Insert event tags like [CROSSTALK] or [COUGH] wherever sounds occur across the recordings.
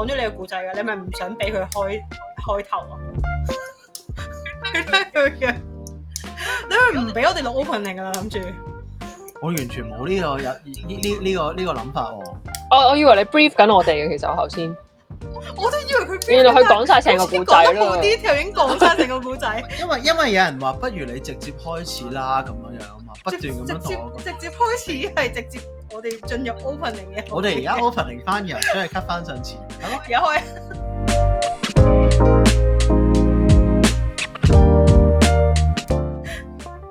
講咗你嘅故仔噶，你咪唔想俾佢開開頭啊？你咩你咪唔俾我哋錄 opening 噶，諗住。我完全冇呢、這個有呢呢呢個呢、這個諗、這個、法喎。我以為你 brief 緊我哋嘅，其實我頭先。我都以為佢講晒成個故仔咯。頭啲，就已經講晒成個故仔。 [LAUGHS] 因為因為有人話，不如你直接開始啦，咁樣樣。啊、不斷咁樣講，直接開始係直接我哋進入 opening 嘅。我哋而家 opening 翻入，所以 cut 翻上前，係有開。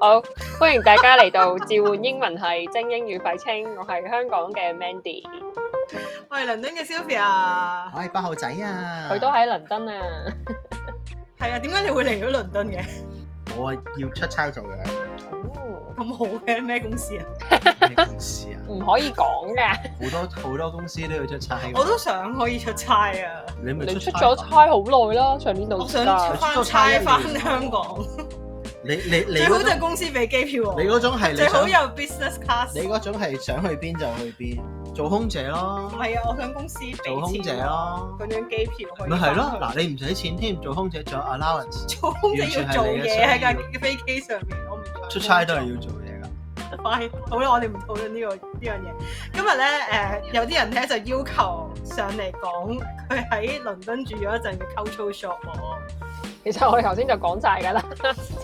好，歡迎大家嚟到召喚英文係精英與廢青。我係香港嘅 Mandy，我係倫敦嘅 Sylvia，、嗯、我係八號仔啊，佢都喺倫敦啊。係笑笑 [MUSIC] 啊，點解你會嚟咗倫敦嘅？我係要出差做嘢。 [MUSIC] [MUSIC] [MUSIC] 哦，咁好嘅咩公司啊？咩公司啊？唔可以講嘅。 [LAUGHS] 好多好多公司都要出差。 [LAUGHS] 我都想可以出差啊！你咪出咗差好耐啦，上年度先、啊、想出差翻香港。 [LAUGHS] 你你你最好就公司俾機票喎，你嗰種係最好有 business class，你嗰種係想去邊就去邊，做空姐咯，係啊，我想公司做空姐咯，咁樣機票去咪係、啊、咯，嗱你唔使錢添，做空姐仲有 allowance，做空姐要做嘢喺架飛機上面，我唔出差都係要做嘢㗎，好啦，我哋唔討論呢個呢樣嘢，今日咧誒有啲人咧就要求上嚟講佢喺倫敦住咗一陣嘅 culture shock。其實我哋頭先就講晒噶啦，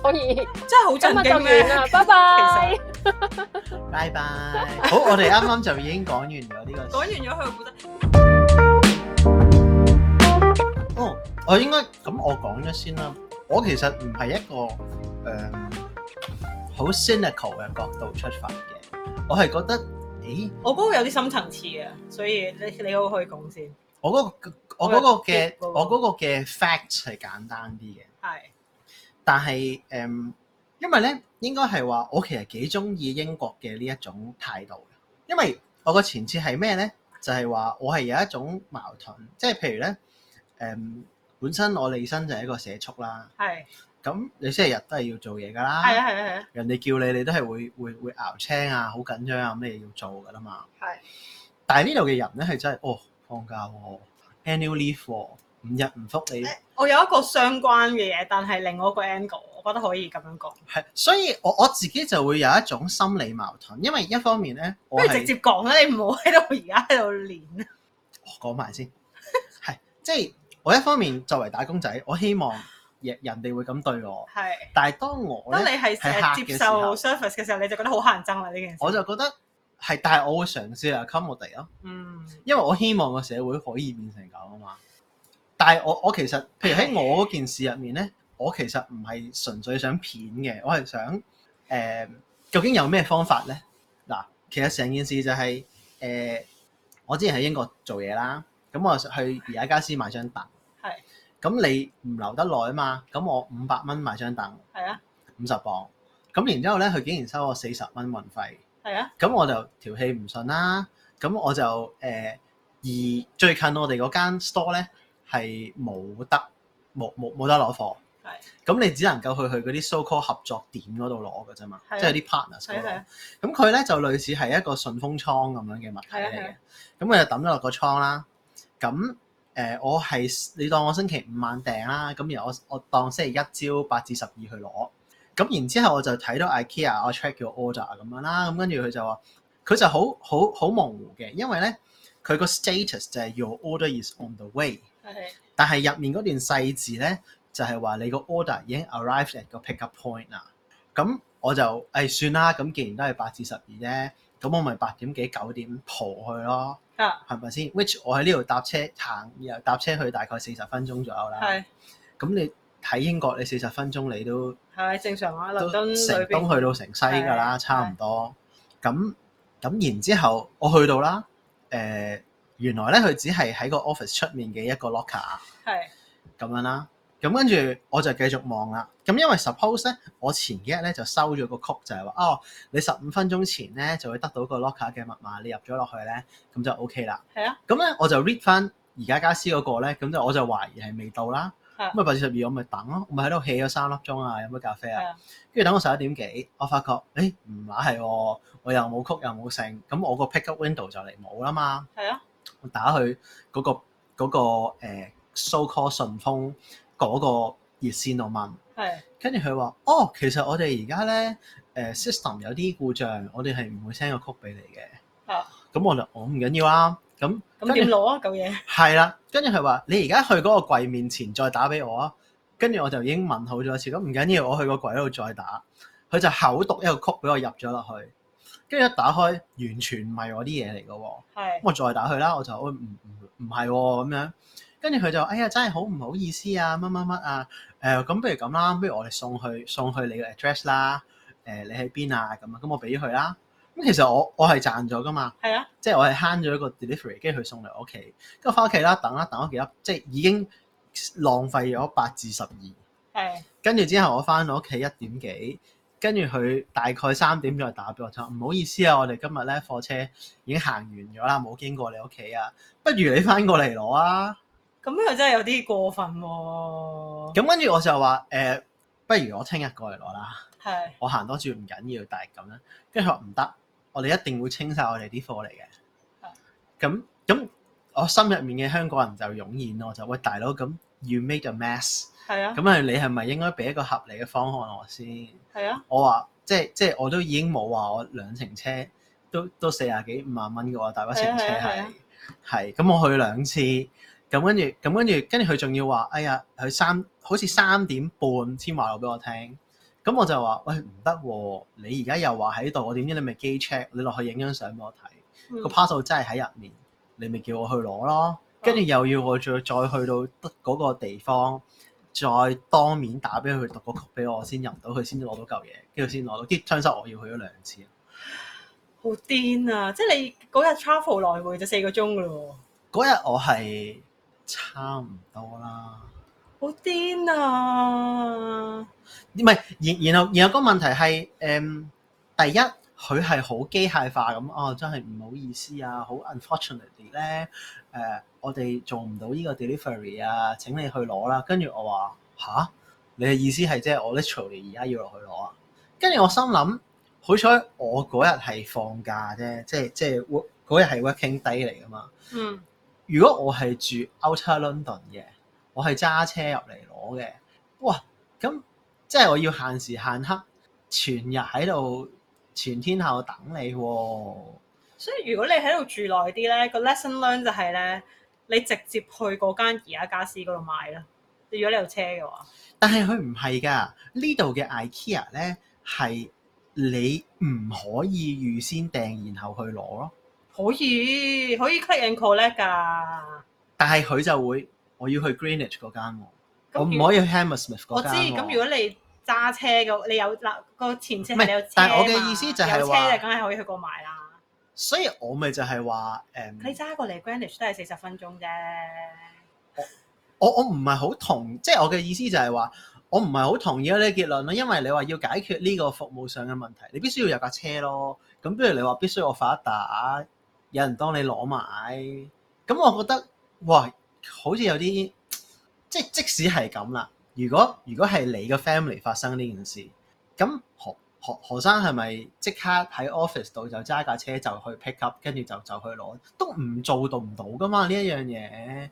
所以真係好咁奮啊！其實 拜拜，拜拜。好，我哋啱啱就已經講完咗呢個，講完咗佢嘅故事。 [LAUGHS] [NOISE] 哦，我應該咁，我講咗先啦。我其實唔係一個誒好、嗯、cynical 嘅角度出發嘅，我係覺得咦，欸、我嗰個有啲深層次啊，所以你你可唔可以講先？我嗰、嗰個。我嗰個嘅我嗰個嘅 fact 係簡單啲嘅，係的，但係誒、嗯，因為咧應該係話我其實幾中意英國嘅呢一種態度嘅，因為我個前設係咩咧？就係、是、話我係有一種矛盾，即、就、係、是、譬如咧誒、嗯，本身我自身就係一個社畜啦，係咁的，你星期日都係要做嘢噶啦，係啊係啊係啊，人哋叫你你都係會會會熬青啊，好緊張啊，咩要做噶啦嘛，係的，但係呢度嘅人咧係真係哦放假喎。annual leave 五日唔覆你，我有一個相關嘅嘢，但係另外一個 angle，我覺得可以咁樣講。係，所以我我自己就會有一種心理矛盾，因為一方面咧，我係，不如直接講啦，你唔好喺度而家喺度練啊。我講埋先，係即係我一方面作為打工仔，我希望人哋會咁對我。係， [LAUGHS] 但係當我當你係接受 service 嘅時候，你就覺得好乞人憎啦呢件事。我就覺得。係，但係我會嘗試啊，come 我地咯，嗯，因為我希望個社會可以變成咁啊嘛。但係我我其實，譬如喺我嗰件事入面咧，Okay. 我其實唔係純粹想片嘅，我係想誒、呃，究竟有咩方法咧？嗱，其實成件事就係、是、誒、呃，我之前喺英國做嘢啦，咁我就去宜家家私買張凳，係，咁你唔留得耐啊嘛，咁我五百蚊買張凳，係啊，五十磅，咁然之後咧，佢竟然收我四十蚊運費。係啊，咁我就條氣唔順啦，咁我就誒、呃、而最近我哋嗰間 store 咧係冇得冇冇冇得攞貨，係的，咁你只能夠去去嗰啲 so called 合作點嗰度攞㗎啫嘛，的即係啲 partners，係係，咁佢咧就類似係一個順豐倉咁樣嘅物體嚟嘅，咁佢的就抌咗落個倉啦，咁誒、呃、我係你當我星期五晚訂啦，咁然後我我當星期一朝八至十二去攞。咁然之後我就睇到 IKEA，I track your order 咁樣啦，咁跟住佢就話佢就好好好模糊嘅，因為咧佢個 status 就係 your order is on the way，Okay. 但係入面嗰段細字咧就係、是、話你個 order 已經 arrived at 個 pickup point 啦。咁、嗯、我就誒、哎、算啦，咁既然都係八至十二啫，咁我咪八點幾九點撲去咯，係咪先？Which 我喺呢度搭車行又搭車去大概四十分鐘左右啦，咁 Yeah.、嗯、你睇英國你四十分鐘你都～係正常話、啊，倫城東去到城西㗎啦，的差唔多。咁咁的然之後，我去到啦。誒、呃，原來咧佢只係喺個 office 出面嘅一個 locker。係咁的樣啦。咁跟住我就繼續望啦。咁因為 suppose 咧，我前幾日咧就收咗個 code，就係話哦，你十五分鐘前咧就會得到個 locker 嘅密碼，你入咗落去咧，咁就 OK 啦。係啊的。咁咧我就 read 翻而家家私嗰個咧，咁就我就懷疑係未到啦。咁咪八點十二，我咪等咯，我咪喺度 hea 咗三粒鐘啊，飲杯咖啡啊，跟住的等我十一點幾，我發覺誒唔乸係喎，我又冇曲又冇剩，咁、嗯、我個 pickup window 就嚟冇啦嘛。係啊的，我打去嗰、那個嗰 so call 順豐嗰個熱線度問，跟住佢話：哦，其實我哋而家咧誒 system 有啲故障，我哋係唔會 send 個曲俾你嘅。係咁、啊嗯、我就我唔緊要啊，咁咁點攞啊嚿嘢？係啦。那個 [LAUGHS] [LAUGHS] 跟住佢話：你而家去嗰個櫃面前再打俾我啊！跟住我就已經問好咗一次，咁唔緊要，我去個櫃度再打，佢就口讀一個曲俾我入咗落去。跟住一打開，完全唔係我啲嘢嚟嘅喎。咁是我再打佢啦，我就：唔唔唔係咁樣。跟住佢就：哎呀，真係好唔好意思啊，乜乜乜啊！誒、呃，咁不如咁啦，不如我哋送去送去你嘅 address 啦。誒、呃，你喺邊啊？咁啊，咁我俾佢啦。咁其實我我係賺咗噶嘛，啊、即係我係慳咗一個 delivery，跟住佢送嚟我屋企，跟住翻屋企啦，等啦，等咗幾粒，即係已經浪費咗八至十二的。係。跟住之後我翻到屋企一點幾，跟住佢大概三點再打俾我，就話唔好意思啊，我哋今日咧貨車已經行完咗啦，冇經過你屋企啊，不如你翻過嚟攞啊。咁又真係有啲過分喎。咁跟住我就話誒、呃，不如我聽日過嚟攞啦。的係。我行多住唔緊要，但係咁啦。跟住佢話唔得。我哋一定會清晒我哋啲貨嚟嘅，咁咁、啊、我心入面嘅香港人就湧現咯，我就，喂大佬，咁 you make a mess，咁啊你係咪應該俾一個合理嘅方案、啊、我先？我話即即我都已經冇話我兩程車都都四十幾五萬蚊嘅喎，大把程車係係咁我去兩次，咁跟住咁跟住跟住佢仲要話，哎呀佢三好似三點半先話俾我聽。咁、嗯嗯、我就話：喂，唔得、啊！你而家又話喺度，我點知你咪機 check？你落去影張相俾我睇，個 password、嗯、真係喺入面，你咪叫我去攞咯。跟住、嗯、又要我再再去到嗰個地方，再當面打俾佢讀個曲俾我，先入到去，先至攞到嚿嘢，跟住先攞到。啲槍手我要去咗兩次，好癲啊！即係你嗰日 travel 來回就四個鐘噶咯。嗰日我係差唔多啦。好癲啊！唔係，然然後然後個問題係，誒、嗯、第一佢係好機械化咁哦，真係唔好意思啊。好 unfortunately 咧，誒、呃、我哋做唔到呢個 delivery 啊。請你去攞啦。跟住我話吓，你嘅意思係即係我 literally 而家要落去攞啊。跟住我心諗，好彩我嗰日係放假啫，即係即係 work 嗰日係 working day 嚟噶嘛。嗯，如果我係住 Outer London 嘅，我係揸車入嚟攞嘅，哇咁。即係我要限時限刻，全日喺度，全天候等你、哦。所以如果你喺度住耐啲咧，個 lesson learn 就係咧，你直接去嗰間宜家家私嗰度買啦。如果呢度車嘅話，但係佢唔係㗎，呢度嘅 IKEA 咧係你唔可以預先訂然後去攞咯。可以可以 click and collect 㗎。但係佢就會，我要去 Greenwich 嗰間、哦，嗯、我唔可以去 Hammersmith 嗰間、嗯。我知，咁、嗯、如果你揸車嘅，你有嗱個、啊、前車係你有車嘛？但我意思就有車就梗係可以去過買啦。所以我、嗯我，我咪就係話誒。你揸過嚟 Greenwich 都係四十分鐘啫。我我我唔係好同，即、就、係、係、我嘅意思就係話，我唔係好同意嗰啲結論咯。因為你話要解決呢個服務上嘅問題，你必須要有架車咯。咁不如你話必須我發一打，有人幫你攞埋。咁我覺得哇，好似有啲即即使係咁啦。如果如果係你個 family 發生呢件事，咁何何何生係咪即刻喺 office 度就揸架車就去 pick up，跟住就就去攞，都唔做到唔到㗎嘛？一 okay，呢一樣嘢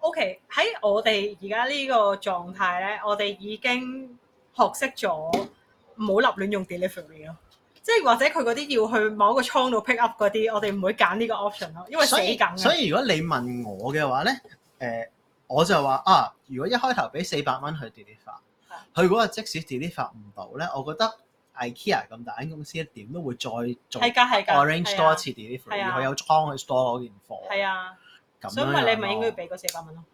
，O K 喺我哋而家呢個狀態咧，我哋已經學識咗唔好立亂用 delivery 咯，即係或者佢嗰啲要去某一個倉度 pick up 嗰啲，我哋唔會揀呢個 option 咯，因為死梗。所以如果你問我嘅話咧，誒、呃。我就話啊，如果一開頭俾四百蚊去 deliver，佢嗰個即使 deliver 唔到咧，我覺得 IKEA 咁大間公司一點都會再做再 arrange 的多一次 deliver，佢的有倉去 store 嗰件貨。係啊的，咁所以你咪應該要俾嗰四百蚊咯。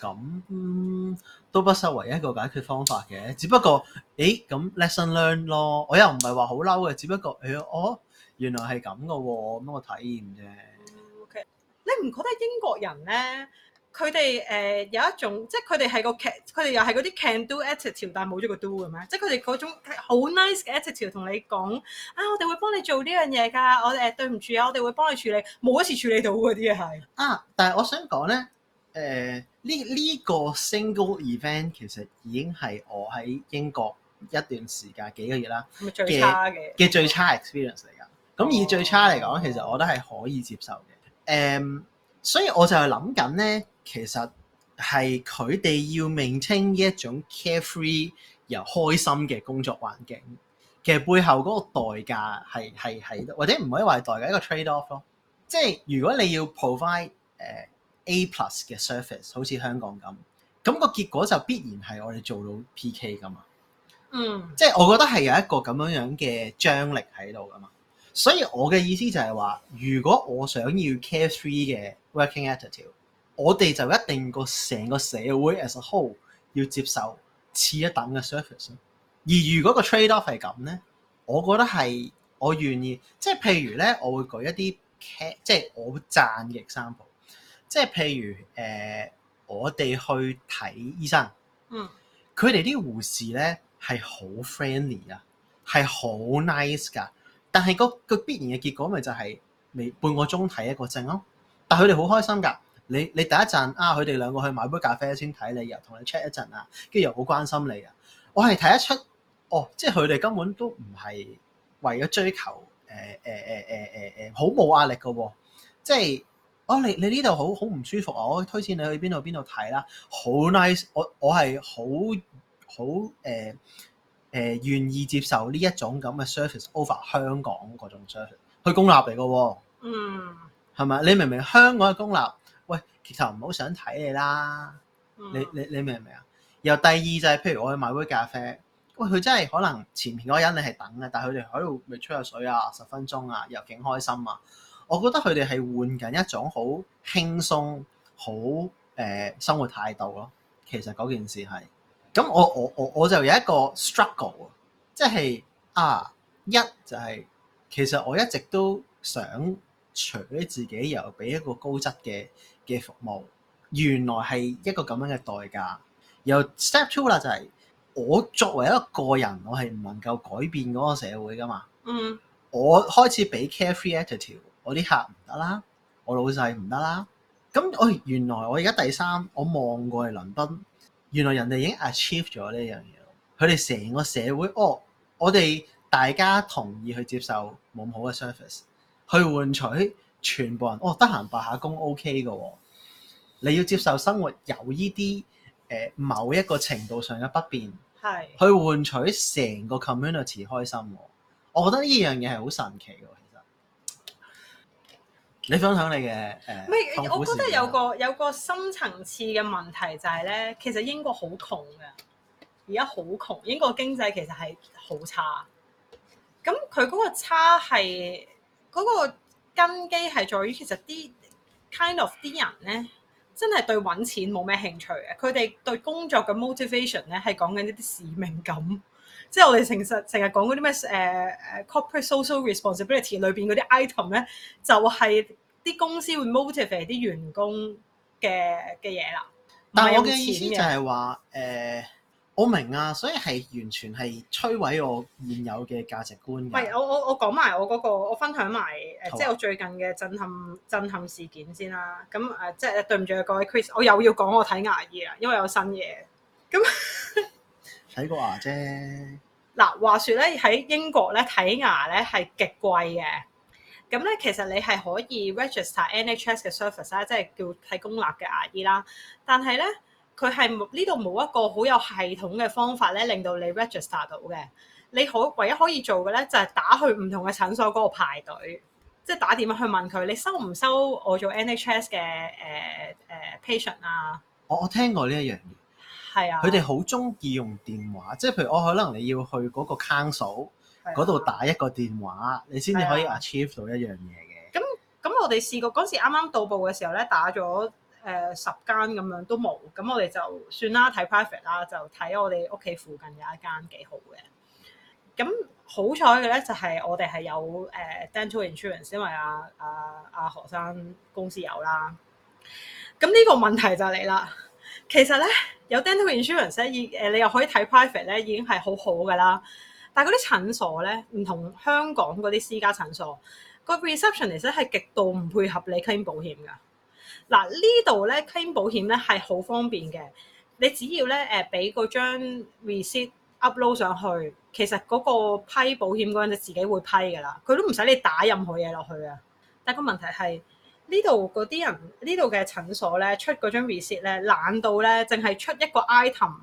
咁、嗯、都不失為一個解決方法嘅，只不過誒咁、欸、lesson learn 咯，我又唔係話好嬲嘅，只不過誒我、欸哦、原來係咁嘅喎，咁我個體驗啫。嗯、o、okay. k 你唔覺得英國人咧？佢哋誒有一種，即係佢哋係個 can，佢哋又係嗰啲 can do attitude，但係冇咗個 do 嘅咩？即係佢哋嗰種好 nice attitude 同你講啊，我哋會幫你做呢樣嘢㗎，我哋誒對唔住啊，我哋會幫你處理，冇一次處理到嗰啲嘢係。啊！但係我想講咧，誒呢呢個 single event 其實已經係我喺英國一段時間幾個月啦嘅最差嘅嘅最差 experience 嚟㗎。咁以最差嚟講，oh. 其實我都係可以接受嘅。誒、um。所以我就係諗緊咧，其實係佢哋要 maintain 呢一種 carefree 又開心嘅工作環境，其實背後嗰個代價係喺度，或者唔可以話係代價，一個 trade-off 咯。即係如果你要 provide 誒、uh, A+ 嘅 service 好似香港咁，咁、嗰個結果就必然係我哋做到 PK 噶嘛。嗯。Mm. 即係我覺得係有一個咁樣樣嘅張力喺度噶嘛。所以我嘅意思就係話，如果我想要 carefree 嘅 working attitude，我哋就一定個成個社會 as a whole 要接受次一等嘅 service。而如果個 trade off 係咁咧，我覺得係我願意。即係譬如咧，我會舉一啲 care 即係我讚嘅 example。即係譬如誒、呃，我哋去睇醫生，嗯，佢哋啲護士咧係好 friendly 啊，係好 nice 㗎。但係個必然嘅結果咪就係未半個鐘睇一個證咯。但係佢哋好開心㗎。你你第一陣啊，佢哋兩個去買杯咖啡先睇你，又同你 check 一陣啊，跟住又好關心你啊。我係睇得出，哦，即係佢哋根本都唔係為咗追求誒誒誒誒誒誒，好、呃、冇、呃呃呃呃、壓力㗎喎、哦。即係哦，你你呢度好好唔舒服啊，我推薦你去邊度邊度睇啦。好 nice，我我係好好誒。誒、呃、願意接受呢一種咁嘅 service over 香港嗰種 service，佢公立嚟嘅喎，嗯，係咪？你明唔明香港嘅公立，喂，其實唔好想睇你啦、mm.，你你你明唔明啊？然後第二就係、是，譬如我去買杯咖啡，喂，佢真係可能前面嗰人你係等嘅，但係佢哋喺度未吹下水啊，十分鐘啊，又勁開心啊，我覺得佢哋係換緊一種好輕鬆、好誒、呃、生活態度咯。其實嗰件事係。咁我我我我就有一個 struggle，即係啊一就係、是、其實我一直都想除咗自己又俾一個高質嘅嘅服務，原來係一個咁樣嘅代價。然後 step two 啦就係、是、我作為一個個人，我係唔能夠改變嗰個社會噶嘛。嗯、mm，hmm. 我開始俾 carefree attitude，我啲客唔得啦，我老細唔得啦。咁我原來我而家第三，我望過去倫敦。原來人哋已經 achieve 咗呢樣嘢佢哋成個社會哦，我哋大家同意去接受冇咁好嘅 service 去換取全部人哦得閒白下工 OK 嘅喎、哦，你要接受生活有依啲誒某一個程度上嘅不便，係是去換取成個 community 開心，我覺得呢樣嘢係好神奇嘅。你分享你嘅誒，唔、呃、係我覺得有個有個深層次嘅問題就係咧，其實英國好窮嘅，而家好窮。英國經濟其實係好差，咁佢嗰個差係嗰、嗰個根基係在於其實啲 kind of 啲人咧，真係對揾錢冇咩興趣嘅。佢哋對工作嘅 motivation 咧係講緊一啲使命感。即係我哋成日成日講嗰啲咩誒誒、uh, corporate social responsibility 裏邊嗰啲 item 咧，就係、是、啲公司會 motivate 啲員工嘅嘅嘢啦。但係我嘅意思就係話誒，我明啊，所以係完全係摧毀我現有嘅價值觀。唔係，我我我講埋我嗰、那個，我分享埋誒，即係我最近嘅震撼震撼事件先啦。咁誒，即係對唔住各位 Chris，我又要講我睇牙醫啦，因為有新嘢。咁。 [LAUGHS] 睇過牙啫。嗱，話説咧，喺英國咧，睇牙咧係極貴嘅。咁咧，其實你係可以 register NHS 嘅 service 啦，即係叫睇公立嘅牙醫啦。但係咧佢係呢度冇一個好有系統嘅方法咧，令到你 register 到嘅。你可唯一可以做嘅咧就係打去唔同嘅診所嗰度排隊，即係打電話去問佢，你收唔收我做 NHS 嘅誒誒 patient 啊？我我聽過呢一樣嘢。係啊！佢哋好中意用電話，即係譬如我可能你要去嗰個 council 嗰度打一個電話，你先至可以 achieve、啊、到一樣嘢嘅。咁咁，我哋試過嗰時啱啱到步嘅時候咧，打咗誒、呃、十間咁樣都冇，咁我哋就算啦，睇 private 啦，就睇我哋屋企附近有一間幾好嘅。咁好彩嘅咧，就係、是、我哋係有誒、呃、dental insurance，因為阿阿阿何生公司有啦。咁呢個問題就嚟啦。其實咧有 dental insurance 咧，誒你又可以睇 private 咧，已經係好好噶啦。但係嗰啲診所咧，唔同香港嗰啲私家診所，個 receptionist 係極度唔配合你 claim 保險噶。嗱、啊、呢度咧 claim 保險咧係好方便嘅，你只要咧誒俾嗰張 receipt upload 上去，其實嗰個批保險嗰陣就自己會批㗎啦，佢都唔使你打任何嘢落去啊。但係個問題係。呢度嗰啲人，呢度嘅診所咧出嗰張 receipt 咧，懶到咧，淨係出一個 item，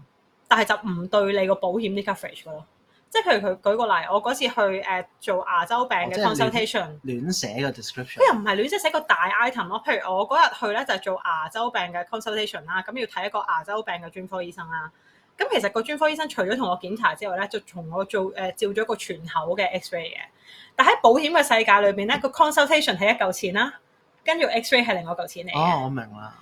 但係就唔對你個保險 coverage 咯。即係譬如佢舉個例，我嗰次去誒做牙周病嘅 consultation，亂寫個 description，佢又唔係亂寫，寫個大 item 咯。譬如我嗰日去咧就係做牙周病嘅 consultation 啦，咁要睇一個牙周病嘅專科醫生啦。咁其實個專科醫生除咗同我檢查之外咧，就同我做誒照咗個全口嘅 X-ray 嘅。但喺保險嘅世界裏面咧，個 consultation 係一嚿錢啦。跟住 X-ray 係另外嚿錢嚟哦，我明啦，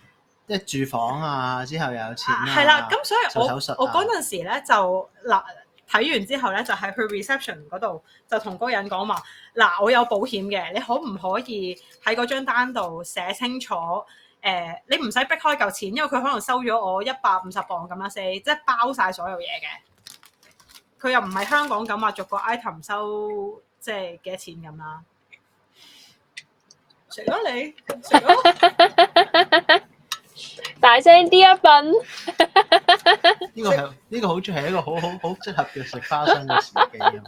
即係住房啊，之後又有錢、啊。係啦、啊，咁所以我手手術、啊、我嗰陣時咧就嗱睇完之後咧就係去 reception 嗰度就同嗰個人講話嗱，我有保險嘅，你可唔可以喺嗰張單度寫清楚誒、呃？你唔使逼開嚿錢，因為佢可能收咗我一百五十磅咁啦 say 即係包晒所有嘢嘅。佢又唔係香港咁啊，逐個 item 收即係幾多錢咁啦。食咗、啊、你，食啦、啊，大聲啲一份。呢個係呢個好似係一個好好好適合嘅食花生嘅時機。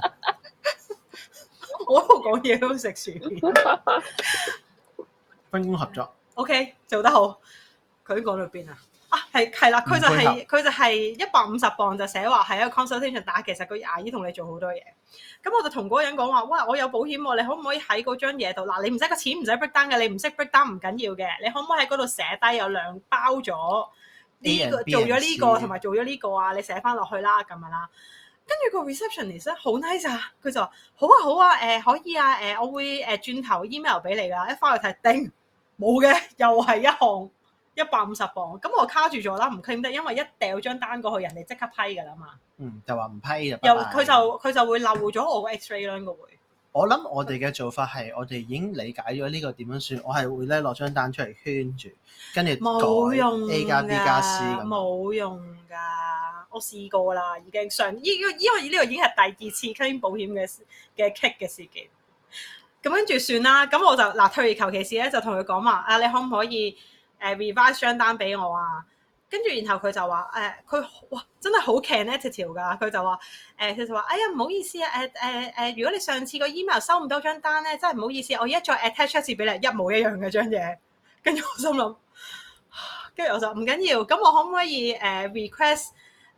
[LAUGHS] [LAUGHS] 我講嘢都食薯片，分 [LAUGHS] 工合作。O、okay, K，做得好。佢講到邊啊？啊，係係啦，佢就係、是、佢就係一百五十磅就寫話係一個 consultation 打，其實個牙醫同你做好多嘢。咁、嗯、我就同嗰個人講話，哇，我有保險喎、啊，你可唔可以喺嗰張嘢度嗱？你唔使個錢，唔使 break down 嘅，你唔識 break down 唔緊要嘅，你可唔可以喺嗰度寫低有兩包咗呢、這個做咗呢、這個同埋做咗呢個啊？你寫翻落去啦，咁樣啦。跟住個 receptionist 好 nice 啊，佢就話好啊好啊，誒、啊呃、可以啊，誒、呃、我會誒、呃呃、轉頭 email 俾你㗎，一翻去睇，叮，冇嘅，又係一項。一百五十磅，咁我卡住咗啦，唔 claim 得，因為一掉張單過去，人哋即刻批噶啦嘛。嗯，就話唔批又佢就佢就會漏咗我嘅 X-ray 呢個回。會，我諗我哋嘅做法係 [LAUGHS] 我哋已經理解咗呢個點樣算，我係會咧攞張單出嚟圈住，跟住冇用噶，冇用噶，我試過啦，已經上依因為呢個已經係第二次 claim 保險嘅嘅 kick 嘅事件。咁跟住算啦，咁我就嗱退而求其次咧，就同佢講話啊，你可唔可以？誒、啊、revise 張單俾我啊，跟住然後佢就話誒，佢哇真係好 canonical 㗎。佢就話誒，其實話哎呀，唔好意思啊誒誒誒，如果你上次個 email 收唔到張單咧，真係唔好意思，我而家再 attach 一次俾你一模一樣嘅張嘢。跟住我心諗，跟、啊、住我就唔緊要，咁我可唔可以誒、啊、request？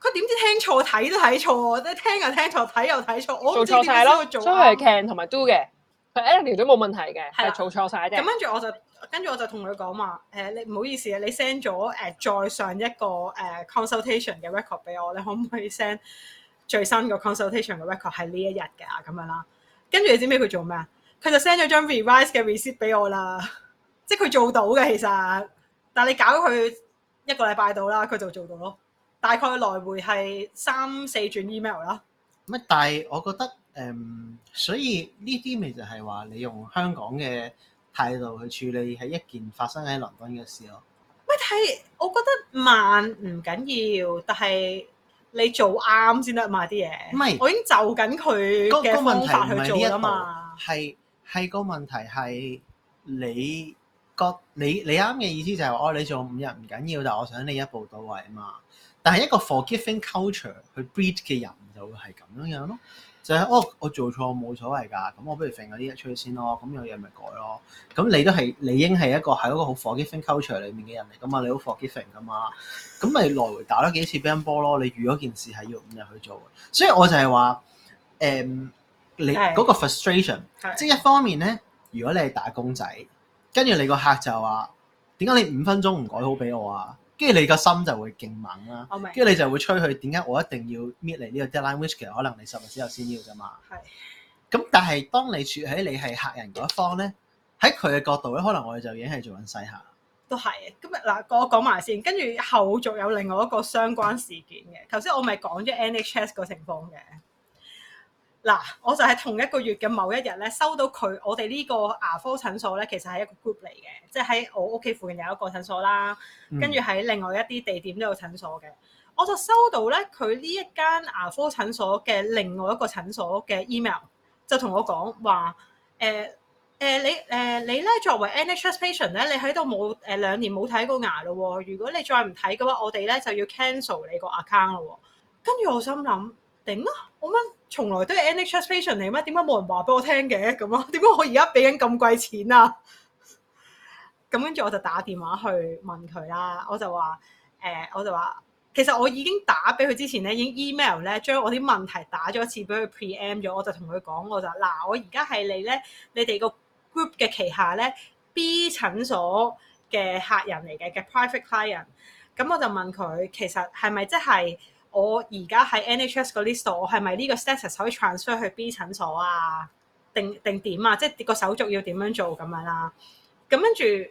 佢點知聽錯睇都睇錯，即係聽，聽錯，聽又聽錯，睇又睇錯，我做錯晒，唔知點解佢做啊！所以係 can 同埋 do 嘅，佢 anyway 都冇問題嘅，係，啊，做錯晒嘅。咁跟住我就跟住我就同佢講話，誒、呃、你唔好意思啊，你 send 咗誒再上一個誒、呃、consultation 嘅 record 俾我，你可唔可以 send 最新個 consultation 嘅 record 係呢一日嘅？咁樣啦，跟住你知咩佢做咩？佢就 send 咗張 revise 嘅 receipt 俾我啦，即係佢做到嘅其實，但係你搞佢一個禮拜到啦，佢就做到咯。大概來回係三四轉 email 啦。乜？但係我覺得誒、嗯，所以呢啲咪就係話你用香港嘅態度去處理係一件發生喺倫敦嘅事咯。喂，但係我覺得慢唔緊要，但係你做啱先得嘛啲嘢。唔係我已經就緊佢嘅方法去做啊嘛。係，係個問題係你覺你你啱嘅意思就係話哦你做五日唔緊要，但係我想你一步到位啊嘛。但係一個 forgiving culture 去 breed 嘅人就會係咁樣樣咯，就係，就係我我做錯冇所謂㗎，咁我不如揈下呢一出去先咯，咁有嘢咪改咯。咁你都係你應係一個喺一個好 forgiving culture 裡面嘅人嚟㗎嘛，你好 forgiving 㗎嘛，咁咪來回打多幾次乒乓波咯。你預咗件事係要五日去做，所以我就係話誒，你嗰個 frustration，即係一方面咧，如果你係打工仔，跟住你個客就話點解你五分鐘唔改好俾我啊？跟住你個心就會勁猛啦，跟住你就會吹佢，點解我一定要搣嚟呢個 deadline whisky？可能你十日之後先要啫嘛。係是。咁但係當你處喺你係客人嗰一方咧，喺佢嘅角度咧，可能我哋就已經係做緊細客。都係。咁日嗱，我講埋先，跟住後續有另外一個相關事件嘅。頭先我咪講咗 NHS 個情況嘅。嗱，esta, 我就喺同一個月嘅某一日咧，收到佢我哋呢個牙科診所咧，其實係一個 group 嚟嘅，即係喺我屋企附近有一個診所啦，嗯、跟住喺另外一啲地點都有診所嘅。我就收到咧佢呢一間牙科診所嘅另外一個診所嘅 email，就同我講話，誒、哎、誒、哎哎哎、你誒你咧作為 NHS patient 咧，你喺度冇誒兩年冇睇過牙嘞喎、喔，如果你再唔睇嘅話，我哋咧就要 cancel 你個 account 嘞喎。跟住我心諗，頂啊，我乜？從來都係 NHS patient 嚟咩？點解冇人話俾我聽嘅咁啊？點解我而家俾緊咁貴錢啊？咁跟住我就打電話去問佢啦。我就話誒、呃，我就話其實我已經打俾佢之前咧，已經 email 咧將我啲問題打咗一次俾佢 PM 咗。我就同佢講我就嗱，我而家係你咧，你哋個 group 嘅旗下咧 B 診所嘅客人嚟嘅嘅 private client。咁我就問佢，其實係咪即係？我而家喺 NHS 個 list 度，我係咪呢個 status 可以 transfer 去 B 診所啊？定定點啊？即係個手續要點樣做咁樣啦、啊？咁跟住嗰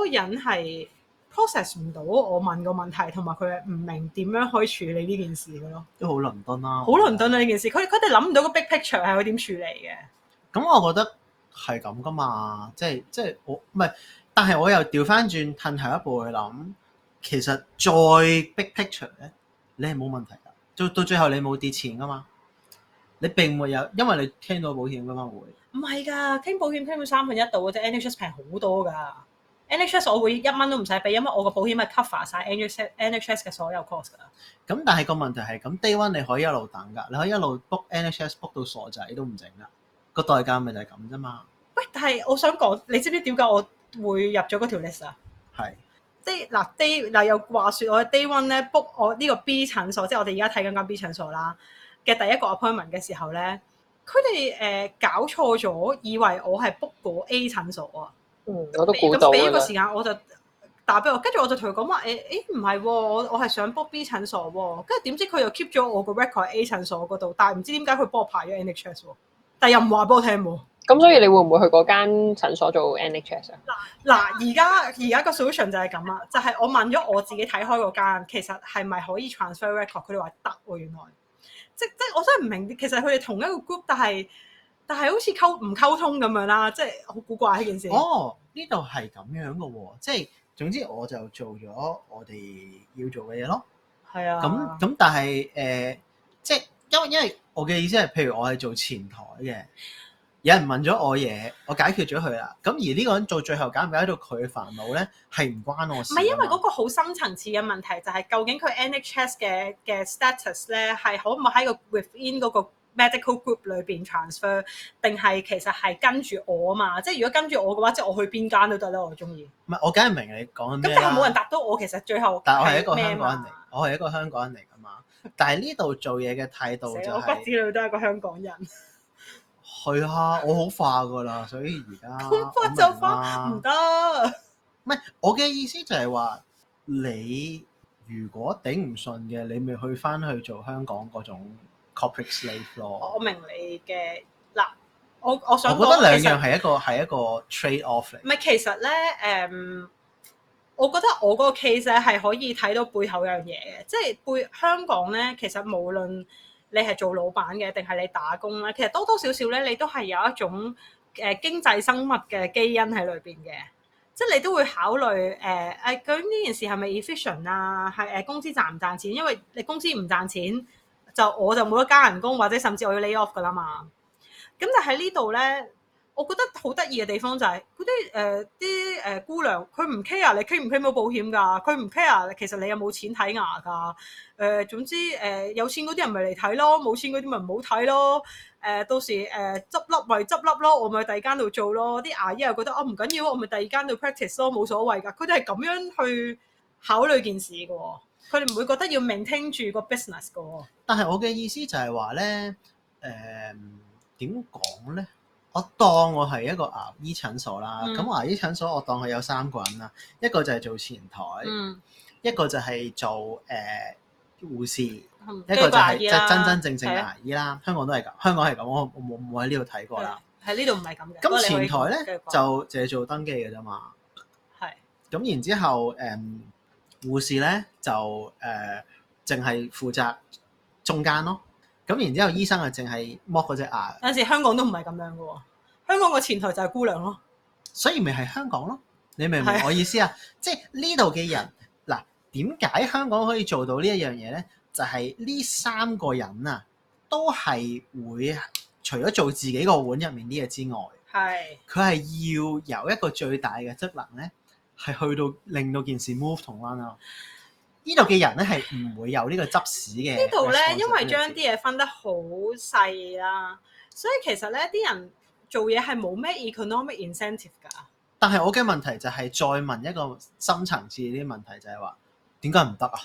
個人係 process 唔到我問個問題，同埋佢唔明點樣可以處理呢件事嘅咯。都好倫敦啦，好倫敦啊！呢件事，佢佢哋諗唔到個 big picture 係佢點處理嘅。咁、嗯、我覺得係咁噶嘛，即係即係我唔係，但係我又調翻轉褪後一步去諗，其實再 big picture 咧。你係冇問題噶，到到最後你冇跌錢噶嘛？你並沒有，因為你傾到保險噶嘛會唔係噶？傾保險傾到三分一度嘅，即 NHS 平好多噶。NHS 我會一蚊都唔使俾，因為我個保險係 cover 晒 NHS NHS 嘅所有 cost 噶。咁但係個問題係咁，day one 你可以一路等㗎，你可以一路 book NHS book 到傻仔都唔整㗎，個代價咪就係咁啫嘛。喂，但係我想講，你知唔知點解我會入咗嗰條 list 啊？係。即係嗱 day 嗱有話説，我哋 day one 咧 book 我呢個 B 診所，即係我哋而家睇緊間 B 診所啦嘅第一個 appointment 嘅時候咧，佢哋誒搞錯咗，以為我係 book 過 A 診所啊。嗯，我都咁俾咗個時間我就打俾我，跟住我就同佢講話誒誒，唔係我我係想 book B 診所喎。跟住點知佢又 keep 咗我個 record 喺 A 診所嗰度，但係唔知點解佢幫我排咗 NHS 喎，但係又唔話幫我睇喎。咁所以你會唔會去嗰間診所做 NHS 啊？嗱嗱，而家而家個 solution 就係咁啦，就係、是、我問咗我自己睇開嗰間，其實係咪可以 transfer record？佢哋話得喎，原來即即我真係唔明，其實佢哋同一個 group，但係但係好似溝唔溝通咁樣啦，即係好古怪呢件事。哦，呢度係咁樣嘅喎、哦，即係總之我就做咗我哋要做嘅嘢咯。係啊，咁咁但係誒、呃，即係因為因為我嘅意思係，譬如我係做前台嘅。有人問咗我嘢，我解決咗佢啦。咁而呢個人做最後解唔解到佢煩惱咧，係唔關我事。唔係因為嗰個好深層次嘅問題、就係，就係究竟佢 NHS 嘅嘅 status 咧，係可唔可以喺個 within 嗰個 medical group 裏邊 transfer，定係其實係跟住我啊嘛？即係如果跟住我嘅話，即係我去邊間都得啦，我中意。唔係，我梗係唔明你講。咁但係冇人答到我，其實最後係，但我係一個香港人嚟，我係一個香港人嚟噶 [LAUGHS] 嘛，但係呢度做嘢嘅態度就係、我骨子裏都係個香港人。去啊，我好化噶啦，所以而家咁化就化唔得。唔係，我嘅意思就係話，你如果頂唔順嘅，你咪去翻去做香港嗰種 corporate slave 咯。我明你嘅嗱，我我想我覺得兩樣係一個係一個 trade off 嚟。唔係，其實咧，誒、嗯，我覺得我個 case 係可以睇到背後有樣嘢嘅，即係背香港咧，其實無論。你係做老闆嘅，定係你打工咧？其實多多少少咧，你都係有一種誒、呃、經濟生物嘅基因喺裏邊嘅，即係你都會考慮誒誒，咁、呃、啊、究竟呢件事係咪 efficient 啊？係誒，公司賺唔賺錢？因為你公司唔賺錢，就我就冇得加人工，或者甚至我要 lay off 噶啦嘛。咁但喺呢度咧。我覺得好得意嘅地方就係嗰啲誒啲誒姑娘，佢唔 care 你 care 唔 care 冇保險㗎，佢唔 care 其實你有冇錢睇牙㗎。誒、呃、總之誒、呃、有錢嗰啲人咪嚟睇咯，冇錢嗰啲咪唔好睇咯。誒、呃、到時誒執笠咪執笠咯，我咪第二間度做咯。啲牙醫又覺得啊唔緊要，我咪第二間度 practice 咯，冇所謂㗎。佢哋係咁樣去考慮件事㗎。佢哋唔會覺得要 maintain 住個 business 㗎。但係我嘅意思就係話咧，誒點講咧？我當我係一個牙醫診所啦，咁牙、嗯、醫診所我當佢有三個人啦，一個就係做前台，嗯、一個就係做誒、呃、護士，嗯、一個就係真真正正嘅牙醫啦。啊、香港都係咁，香港係咁，我我冇冇喺呢度睇過啦。喺呢度唔係咁嘅。咁前台咧就淨係做登記嘅啫嘛。係的。咁然之後誒、呃、護士咧就誒淨係負責中間咯。咁然之後，醫生啊，淨係剝嗰隻牙。有時香港都唔係咁樣㗎喎、哦，香港個前台就係姑娘咯。所以咪係香港咯。你明唔明的我意思啊？即係呢度嘅人嗱，點解的香港可以做到一呢一樣嘢咧？就係、是、呢三個人啊，都係會除咗做自己個碗入面啲嘢之外，係佢係要有一個最大嘅職能咧，係去到令到件事 move 同 run 啊。呢度嘅人咧係唔會有呢個執屎嘅。呢度咧，因為將啲嘢分得好細啦，所以其實咧啲人做嘢係冇咩 economic incentive 㗎。但係我嘅問題就係再問一個深層次啲問題，就係話點解唔得啊？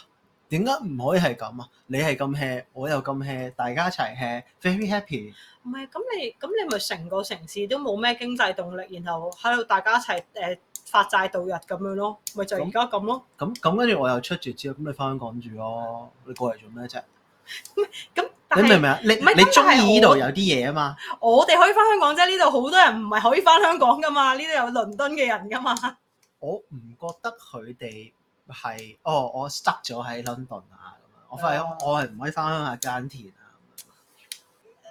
點解唔可以係咁啊？你係咁 hea，我又咁 hea，大家一齊 hea，very happy。唔係，咁你咁你咪成個城市都冇咩經濟動力，然後喺度大家一齊誒。呃發債度日咁樣咯，咪、嗯、就而家咁咯。咁咁跟住我又出住資，咁你翻香港住咯？你過嚟做咩啫？咁你明唔明？你你中意呢度有啲嘢啊嘛？我哋可以翻香港啫，呢度好多人唔係可以翻香港噶嘛？呢度有倫敦嘅人噶嘛？我唔覺得佢哋係哦，我塞咗喺倫敦啊咁樣。我係我係唔可以翻鄉下耕田啊咁樣。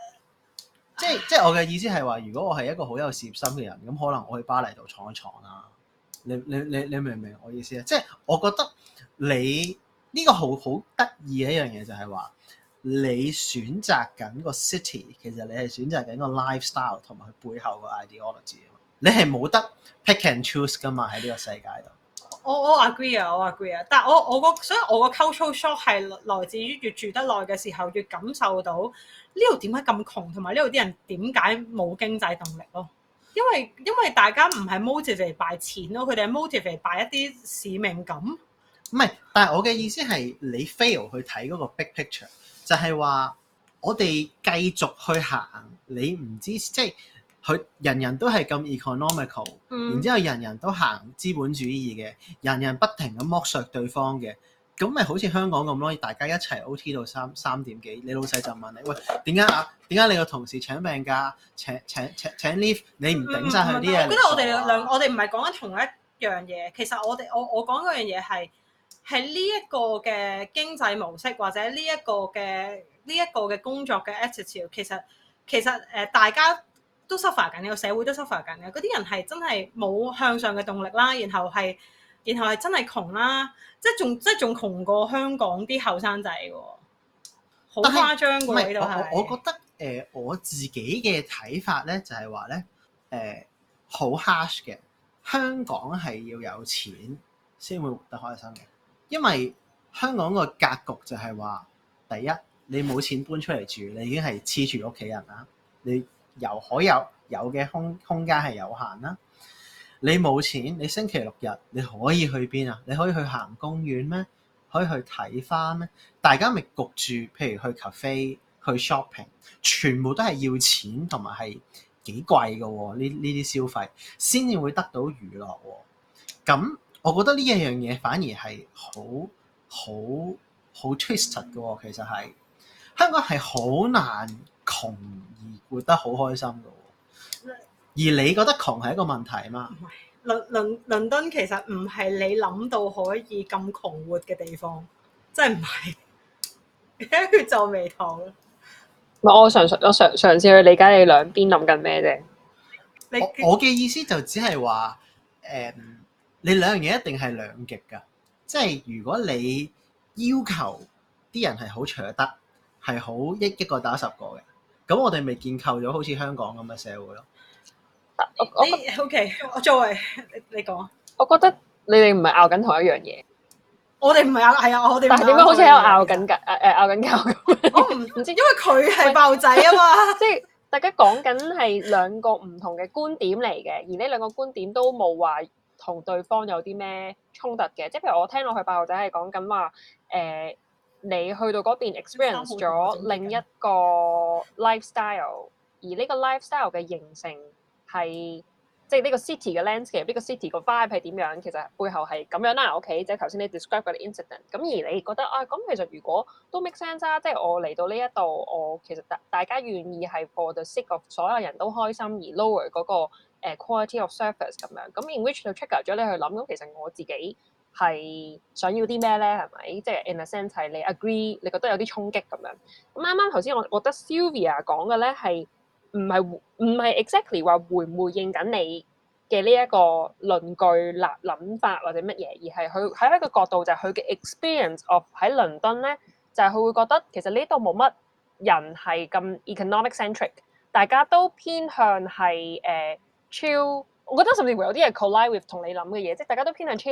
即即我嘅意思係話，如果我係一個好有事業心嘅人，咁可能我去巴黎度闖一闖啊。你你你你明唔明我意思啊？即係我覺得你呢個好好得意嘅一樣嘢就係話，你選擇緊呢個 city，其實你係選擇緊個 lifestyle 同埋佢背後個 ideology。你係冇得 pick and choose 㗎嘛喺呢個世界度。我我 agree 啊，我 agree 啊。但係我我個所以我個 cultural shock 係來自於越住得耐嘅時候，越感受到呢度點解咁窮，同埋呢度啲人點解冇經濟動力咯。因為因為大家唔係 motivate by 錢咯，佢哋係 motivate by 一啲使命感。唔係，但係我嘅意思係你 fail 去睇嗰個 big picture，就係話我哋繼續去行，你唔知即係佢人人都係咁 economical，嗯，然之後人人都行資本主義嘅，人人不停咁剝削對方嘅。咁咪好似香港咁咯，大家一齊 OT 到三三點幾，你老細就問你：喂，點解啊？點解你個同事請病假、請請請請 leave 你唔頂晒佢啲嘢？我覺得我哋兩我哋唔係講緊同一樣嘢。其實我哋我我講嗰樣嘢係係呢一個嘅經濟模式，或者呢一個嘅呢一個嘅工作嘅 attitude，其實其實誒大家都 suffer 緊嘅，社會都 suffer 緊嘅。嗰啲人係真係冇向上嘅動力啦，然後係。然後係真係窮啦、啊，即係仲即係仲窮過香港啲後生仔喎，好誇張喎喺度係。我覺得誒、呃、我自己嘅睇法咧就係話咧誒好 harsh 嘅，香港係要有錢先會活得開心嘅，因為香港個格局就係話，第一你冇錢搬出嚟住，你已經係黐住屋企人啦，你有可有有嘅空空間係有限啦。你冇錢，你星期六日你可以去邊啊？你可以去行公園咩？可以去睇花咩？大家咪焗住，譬如去咖啡、去 shopping，全部都係要錢同埋係幾貴㗎喎。呢呢啲消費先至會得到娛樂。咁我覺得呢一樣嘢反而係好好好 twisted 嘅喎。其實係香港係好難窮而活得好開心嘅。而你覺得窮係一個問題啊嘛？唔係，倫敦其實唔係你諗到可以咁窮活嘅地方，即係唔係。一血就未窮。唔係我嘗嘗我嘗嘗，嘗，嘗試去理解你兩邊諗緊咩啫。你我嘅意思就只係話，誒、嗯，你兩樣嘢一定係兩極㗎。即、就、係、是、如果你要求啲人係好搶得，係好一一個打十個嘅，咁我哋咪建構咗好似香港咁嘅社會咯。我我，O K，我作為你講，你我覺得你哋唔係拗緊同一樣嘢、哎，我哋唔係拗係啊，實我哋但係點解好似喺度拗緊噶誒誒拗緊交咁？我唔唔知， [LAUGHS] 因為佢係8號仔啊嘛， [LAUGHS] 即係大家講緊係兩個唔同嘅觀點嚟嘅，而呢兩個觀點都冇話同對方有啲咩衝突嘅。即係譬如我聽落去，8號仔係講緊話誒，你去到嗰邊 experience 咗另一個 lifestyle，而呢個 lifestyle 嘅形,形成。係即係呢個 city 嘅 landscape，呢個 city 個 vibe 係點樣？其實背後係咁樣啦，OK。即係頭先你 describe 嗰啲 incident，咁而你覺得啊，咁其實如果都 make sense 啊，即係我嚟到呢一度，我其實大大家願意係 for the sake of 所有人都開心，而 lower 嗰個誒 quality of service 咁樣。咁 in which to trigger 咗你去諗，咁其實我自己係想要啲咩咧？係咪即係 in a sense 係你 agree？你覺得有啲衝擊咁樣。咁啱啱頭先我覺得 Sylvia 講嘅咧係。唔係唔係 exactly 話會唔會回應緊你嘅呢一個論據，諗諗法或者乜嘢，而係佢喺一個角度就係佢嘅 experience of 喺倫敦咧，就係、是、佢會覺得其實呢度冇乜人係咁 economic centric，大家都偏向係誒 c 我覺得甚至乎有啲人 collide with 同你諗嘅嘢，即係大家都偏向超，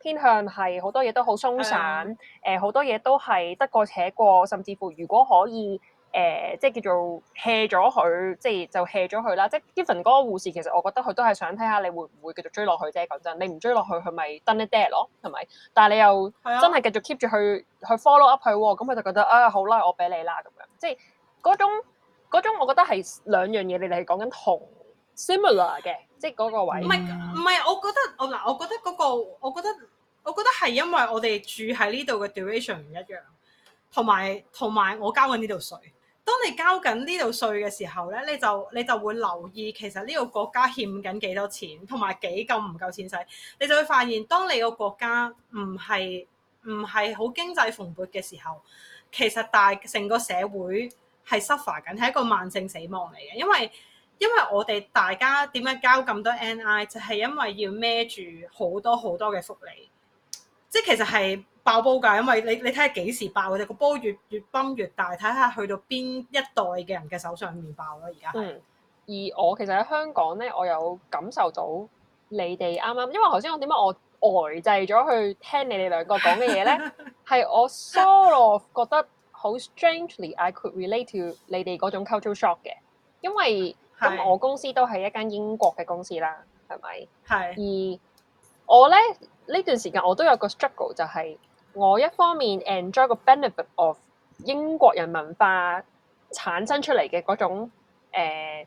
偏向係好多嘢都好鬆散，誒好、嗯呃、多嘢都係得過且過，甚至乎如果可以，誒、呃，即係叫做 hea 咗佢，即係就 hea 咗佢啦。即係 even 嗰個護士，其實我覺得佢都係想睇下你會唔會繼續追落去啫。講真，你唔追落去，佢咪 done it dead 咯，係咪？但係你又真係繼續 keep 住、啊、去去 follow up 佢喎，咁、嗯、佢就覺得啊、哎，好啦，我俾你啦咁樣。即係嗰種嗰種我，我覺得係兩樣嘢，你哋係講緊同 similar 嘅，即係嗰個位唔係唔係。我覺得我嗱，我覺得嗰個，我覺得我覺得係因為我哋住喺呢度嘅 duration 唔一樣，同埋同埋我交緊呢度稅。當你交緊呢度稅嘅時候咧，你就你就會留意其實呢個國家欠緊幾多錢，同埋幾咁唔夠錢使，你就會發現當你個國家唔係唔係好經濟蓬勃嘅時候，其實大成個社會係 suffer 緊，係一個慢性死亡嚟嘅，因為因為我哋大家點解交咁多 NI 就係因為要孭住好多好多嘅福利，即係其實係。爆煲㗎，因為你你睇下幾時爆，哋個煲越越崩越大，睇下去到邊一代嘅人嘅手上面爆咯。而家，嗯，而我其實喺香港咧，我有感受到你哋啱啱，因為頭先我點解我呆滯咗去聽你哋兩個講嘅嘢咧？係 [LAUGHS] 我 sort of 覺得好 strangely I could relate to 你哋嗰種 culture shock 嘅，因為咁是、嗯、我公司都係一間英國嘅公司啦，係咪？係是。而我咧呢段時間我都有個 struggle 就係、是。我一方面 enjoy 個 benefit of 英國人文化產生出嚟嘅嗰種誒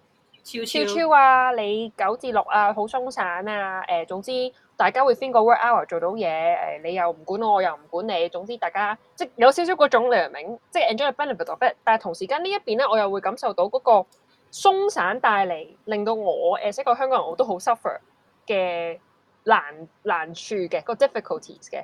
超超啊，你九至六啊，好鬆散啊，誒、呃、總之大家會 finish 個 work hour 做到嘢，誒、呃、你又唔管我，我又唔管你，總之大家即係有少少嗰種兩面，即係 enjoy 個 benefit of it 但係同時間呢一邊咧，我又會感受到嗰個鬆散帶嚟令到我誒，作、呃、個香港人我、er，我都好 suffer 嘅難難處嘅、那個 difficulties 嘅。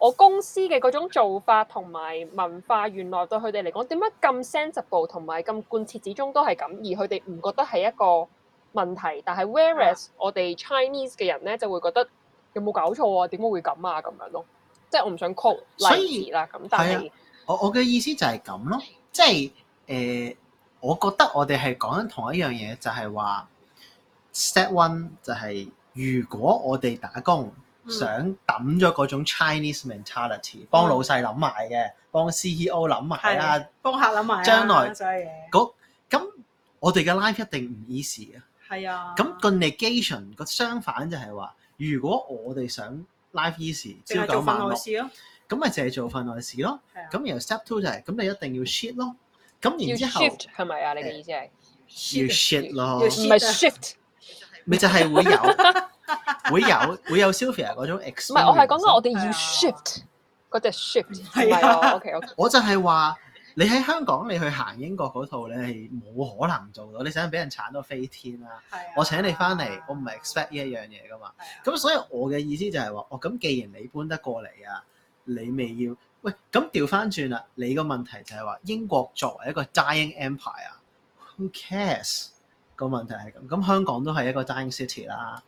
我公司嘅嗰種做法同埋文化，原來對佢哋嚟講點解咁 sensible 同埋咁貫徹始終都係咁，而佢哋唔覺得係一個問題。但係 whereas 我哋 Chinese 嘅人咧就會覺得有冇搞錯啊？點解會咁啊？咁樣咯，即係我唔想 quote 例子啦。咁但係我我嘅意思就係咁咯，即係誒，我覺得我哋係講緊同一樣嘢，就係話 set one 就係、是、如果我哋打工。想抌咗嗰種 Chinese mentality，幫老細諗埋嘅，幫 CEO 諗埋啦，幫客諗埋。將來咁我哋嘅 life 一定唔 easy 啊。係啊。咁 negation 個相反就係話，如果我哋想 life easy，朝九晚六咯，咁咪淨係做份內事咯。咁然後 step two 就係，咁你一定要 shit 咯。咁然之後係咪啊？你嘅意思係要 shit 咯，唔係 shift。咪 [LAUGHS] 就係會， [LAUGHS] 會有，會有會有 Sylvia 嗰種 e x 唔係，我係講緊我哋要 shift 嗰、哎、呀隻 shift、哎呀。係啊，OK，OK。我就係話你喺香港，你去行英國嗰套你係冇可能做到。你想俾人鏟到飛天啊，哎、呀我請你翻嚟，我唔係 expect 呢一樣嘢噶嘛。咁、哎、呀所以我嘅意思就係話，哦，咁既然你搬得過嚟啊，你未要？喂，咁調翻轉啦，你個問題就係話英國作為一個 dying empire 啊，who cares？個問題係咁，咁香港都係一個 dying city 啦，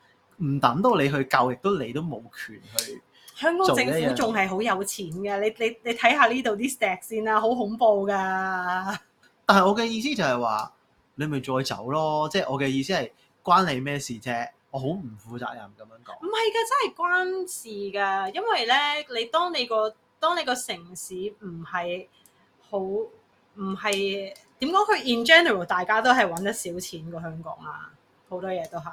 唔等到你去救，亦都你都冇權去。香港政府仲係好有錢嘅，你你你睇下呢度啲 stack 先啦，好恐怖噶。但係我嘅意思就係話，你咪再走咯，即係我嘅意思係關你咩事啫？我好唔負責任咁樣講。唔係噶，真係關事噶，因為咧，你當你個當你個城市唔係好唔係。點講佢 in general 大家都係揾得少錢過香港啊。好多嘢都係，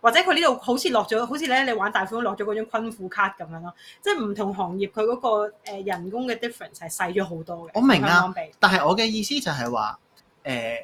或者佢呢度好似落咗，好似咧你玩大富翁落咗嗰張均富卡咁樣咯，即係唔同行業佢嗰個人工嘅 difference 係細咗好多嘅、呃。我明啊，但係我嘅意思就係話誒，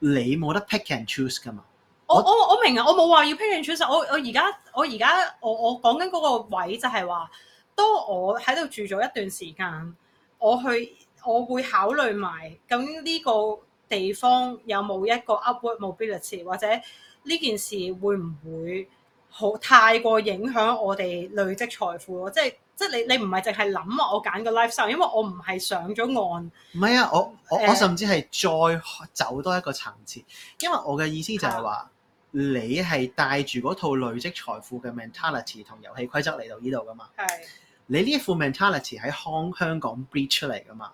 你冇得 pick and choose 噶嘛？我我我明啊，我冇話要 pick and choose，我我而家我而家我我講緊嗰個位就係話，當我喺度住咗一段時間，我去。我會考慮埋，究竟呢個地方有冇一個 upward mobility，或者呢件事會唔會好太過影響我哋累積財富咯？即係即係你你唔係淨係諗話我揀個 lifestyle，因為我唔係上咗岸。唔係啊，我我我甚至係再走多一個層次，因為我嘅意思就係話，的你係帶住嗰套累積財富嘅 mentality 同遊戲規則嚟到呢度㗎嘛。係的，你呢一副 mentality 喺康香港 build 出嚟㗎嘛？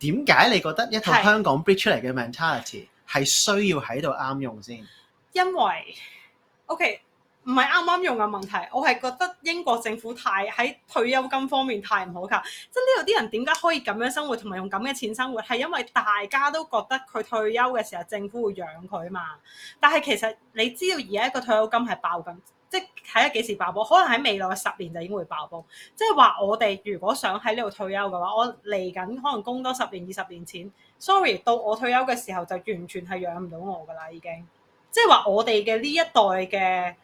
點解你覺得一套香港 build 出嚟嘅 mentality 係需要喺度啱用先？因為 OK 唔係啱啱用嘅問題，我係覺得英國政府太喺退休金方面太唔可靠。即係呢度啲人點解可以咁樣生活同埋用咁嘅錢生活，係因為大家都覺得佢退休嘅時候政府會養佢嘛。但係其實你知道而家個退休金係爆緊。即係睇下幾時爆煲，可能喺未來十年就已經會爆煲。即係話我哋如果想喺呢度退休嘅話，我嚟緊可能供多十年二十年錢。Sorry，到我退休嘅時候就完全係養唔到我噶啦，已經。即係話我哋嘅呢一代嘅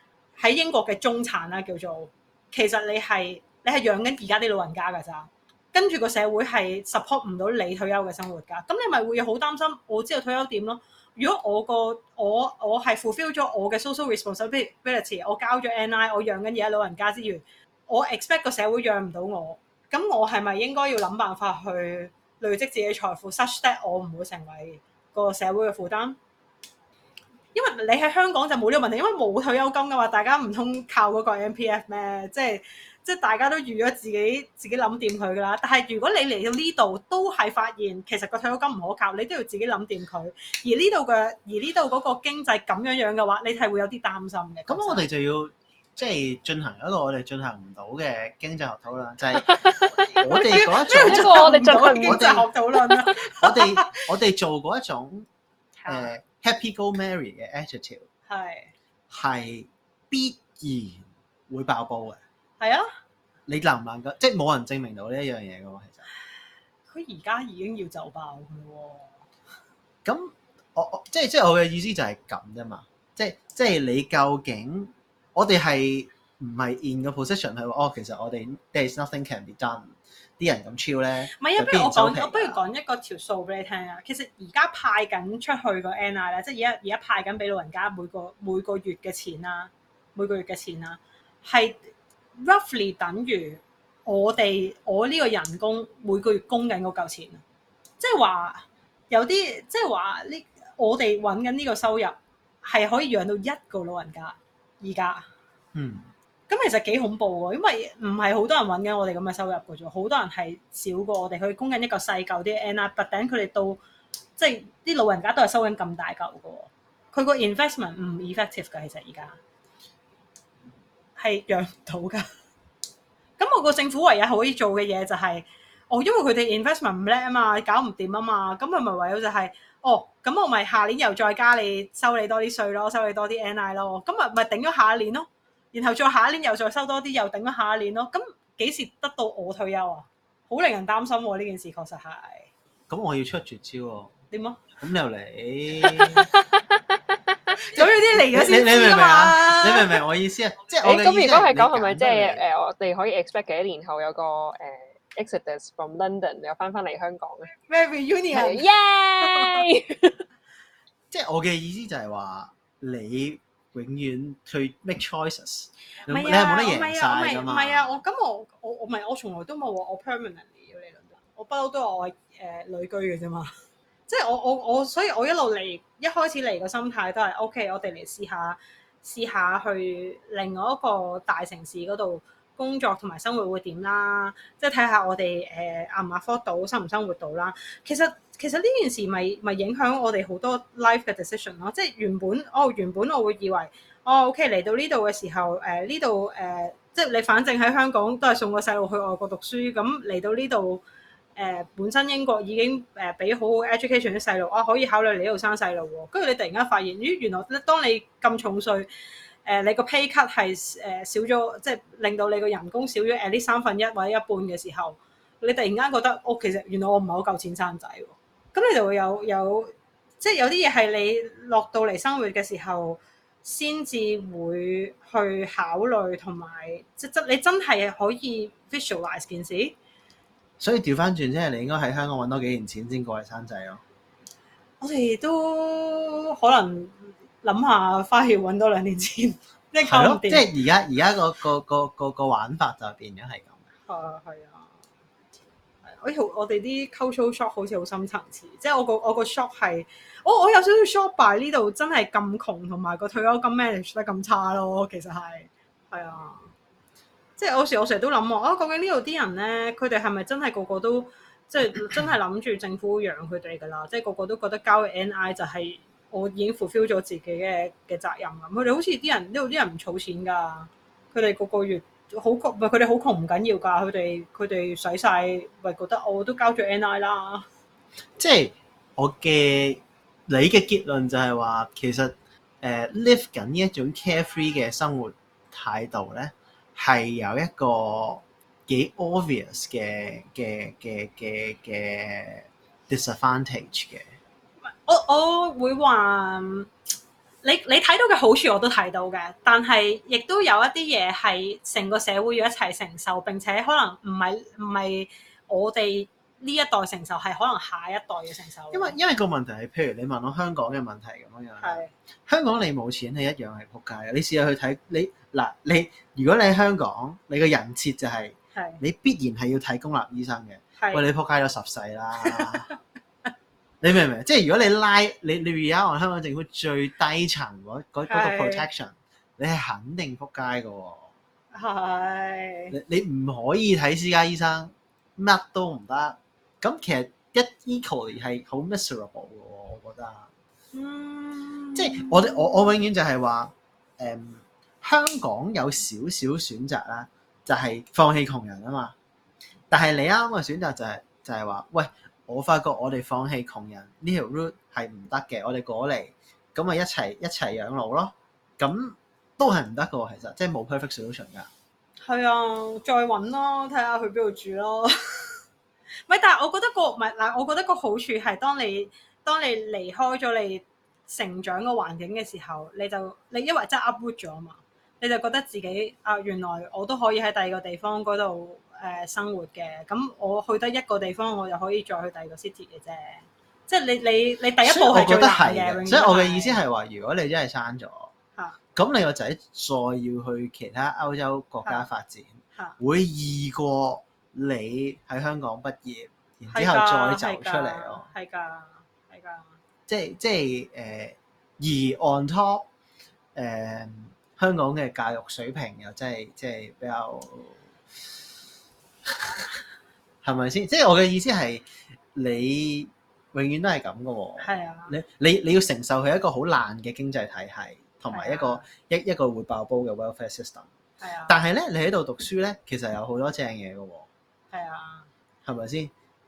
喺英國嘅中產啦，叫做其實你係你係養緊而家啲老人家噶咋，跟住個社會係 support 唔到你退休嘅生活噶。咁你咪會好擔心我知道退休點咯？如果我個我我係 fulfill 咗我嘅 social responsibility，我交咗 NI，我養緊嘢老人家之餘，我 expect 個社會養唔到我，咁我係咪應該要諗辦法去累積自己嘅財富，such that 我唔會成為個社會嘅負擔？因為你喺香港就冇呢個問題，因為冇退休金㗎嘛。大家唔通靠嗰個 MPF 咩？即係。即係大家都預咗自己自己諗掂佢㗎喇，但係如果你嚟到呢度都係發現其實個退休金唔可靠，你都要自己諗掂佢。而呢度嘅而呢度嗰個經濟咁樣樣嘅話，你係會有啲擔心嘅。咁我哋就要即係、就是、進行一個我哋進行唔到嘅經濟學討論，就係、是、我哋嗰一種，我哋 [LAUGHS] 進行經濟學討論啦。我哋 [LAUGHS] 我哋做過一種誒、uh, Happy Go Marry 嘅 attitude 係係必然會爆煲嘅，係啊。你能唔能夠即係冇人證明到呢一樣嘢嘅喎？其實佢而家已經要走爆佢喎。咁我我即係即係我嘅意思就係咁啫嘛。即係即係你究竟我哋係唔係 in 個 position 去哦？其實我哋 there is nothing can be done。啲人咁超咧。唔係啊，不如我講，不啊、我不如講一個條數俾你聽啊。其實而家派緊出去個 NI 咧，即係而家而家派緊俾老人家每個每個月嘅錢啊，每個月嘅錢啊，係。Roughly 等於我哋我呢個人工每個月供緊嗰嚿錢，即係話有啲即係話呢，我哋揾緊呢個收入係可以養到一個老人家而家，嗯，咁其實幾恐怖喎，因為唔係好多人揾緊我哋咁嘅收入嘅啫，好多人係少過我哋去供緊一個細嚿啲 ann 啦，特頂佢哋到即係啲老人家都係收緊咁大嚿嘅，佢個 investment 唔 effective 噶，其實而家。係養唔到噶，咁 [LAUGHS] 我個政府唯一可以做嘅嘢就係、是，哦，因為佢哋 investment 唔叻啊嘛，搞唔掂啊嘛，咁佢咪唯有就係、是，哦，咁我咪下年又再加你收你多啲稅咯，收你多啲 NI 咯，咁咪咪頂咗下一年咯，然後再下一年又再收多啲，又頂咗下一年咯，咁幾時得到我退休啊？好令人擔心喎、啊，呢件事確實係。咁、嗯、我要出絕招啊！點啊樣？咁又嚟。咁呢啲嚟咗先你明唔明啊？你明唔明我意思啊？咁如果係咁，係咪即係誒，我哋可以 expect 幾年後有個誒 exodus、呃、from、呃、London 又翻翻嚟香港咧？Very reunion，yay！即係我嘅意思就係話，你永遠去 make choices， [LAUGHS] 你係冇得贏曬㗎嘛？唔係啊！我咁我我我唔係我從來都冇話我 permanently 要嚟倫敦，我不嬲都我誒旅居嘅啫嘛。即係我我我，所以我一路嚟一開始嚟個心態都係 OK，我哋嚟試下試下去另外一個大城市嗰度工作同埋生活會點啦，即係睇下我哋誒揞唔揞 fit 到，生、呃、唔生活到啦。其實其實呢件事咪咪影響我哋好多 life 嘅 decision 咯。即係原本哦原本我會以為哦 OK 嚟到呢度嘅時候誒呢度誒，即係你反正喺香港都係送個細路去外國讀書，咁嚟到呢度。誒、呃、本身英國已經誒俾好好 education 啲細路啊，可以考慮你呢度生細路喎。跟住你突然間發現咦、呃，原來當你咁重稅誒、呃，你個 pay cut 係誒、呃、少咗，即、就、係、是、令到你個人工少咗至少三分一或者一半嘅時候，你突然間覺得哦，其實原來我唔係好夠錢生仔喎。咁你就會有有即係、就是、有啲嘢係你落到嚟生活嘅時候先至會去考慮同埋即即你真係可以 visualise 件事。所以調翻轉即係，你應該喺香港揾多幾年錢先過嚟生仔咯。我哋都可能諗下，返去揾多兩年錢。即係即係而家，而家 [LAUGHS] [LAUGHS] 個個個個玩法就變咗係咁。係啊，係啊。係、啊，好似我哋啲 culture shock 好似好深層次，即係我個我個 shock 係，我、哦、我有少少 shock by 呢度真係咁窮，同埋個退休金 manage 得咁差咯。其實係，係啊。即係有時，我時，我成日都諗啊。究竟呢度啲人咧，佢哋係咪真係個個都即係、就是、真係諗住政府養佢哋㗎啦？即、就、係、是、個個都覺得交 NI 就係我已經 fulfill 咗自己嘅嘅責任啦。佢哋好似啲人呢度啲人唔儲錢㗎，佢哋個個月好窮，唔係佢哋好窮，唔緊要㗎，佢哋佢哋使晒，喂，係覺得我都交咗 NI 啦。即係我嘅你嘅結論就係話，其實誒 live 緊呢一種 carefree 嘅生活態度咧。係有一個幾 obvious 嘅嘅嘅嘅嘅 disadvantage 嘅，我我會話你你睇到嘅好處我都睇到嘅，但係亦都有一啲嘢係成個社會要一齊承受，並且可能唔係唔係我哋。呢一代承受，係可能下一代嘅承受因，因為因為個問題係，譬如你問我香港嘅問題咁樣樣，是香港你冇錢，你一樣係撲街嘅。你試下去睇你嗱，你，你如果你喺香港，你個人設就係、是、是你必然係要睇公立醫生嘅。是喂，你撲街咗十世啦， [LAUGHS] 你明唔明？即係如果你拉你你 r e 我香港政府最低層嗰是個 protection，你係肯定撲街嘅喎。你你唔可以睇私家醫生，乜都唔得。咁其實一 equally 係好 miserable 嘅喎，我覺得。嗯。即係我哋我我永遠就係話，誒、嗯、香港有少少選擇啦，就係放棄窮人啊嘛。但係你啱啱嘅選擇就係、是、就係、是、話，喂，我發覺我哋放棄窮人呢條 route 係唔得嘅，我哋過嚟咁咪一齊一齊養老咯。咁都係唔得嘅，其實即係冇 perfect solution 㗎。係啊，再揾咯，睇下去邊度住咯。咪但係，我覺得個唔係嗱，我覺得個好處係，當你當你離開咗你成長個環境嘅時候，你就你因為真係 uproot 咗啊嘛，你就覺得自己啊，原來我都可以喺第二個地方嗰度誒生活嘅。咁我去得一個地方，我就可以再去第二個 city 嘅啫。即係你你你第一步係覺得係嘅，所以我嘅意思係話，如果你真係生咗，咁的你個仔再要去其他歐洲國家發展，會易過。你喺香港畢業，然之後再走出嚟咯，係㗎，係㗎，即係即係誒，而 on top 誒香港嘅教育水平又真係即係比較係咪先？即係我嘅意思係你永遠都係咁嘅喎，係啊，的你你你要承受佢一個好爛嘅經濟體系，同埋一個一的一個會爆煲嘅 welfare system，係啊，的但係咧，你喺度讀書咧，其實有好多正嘢嘅喎。係啊，係咪先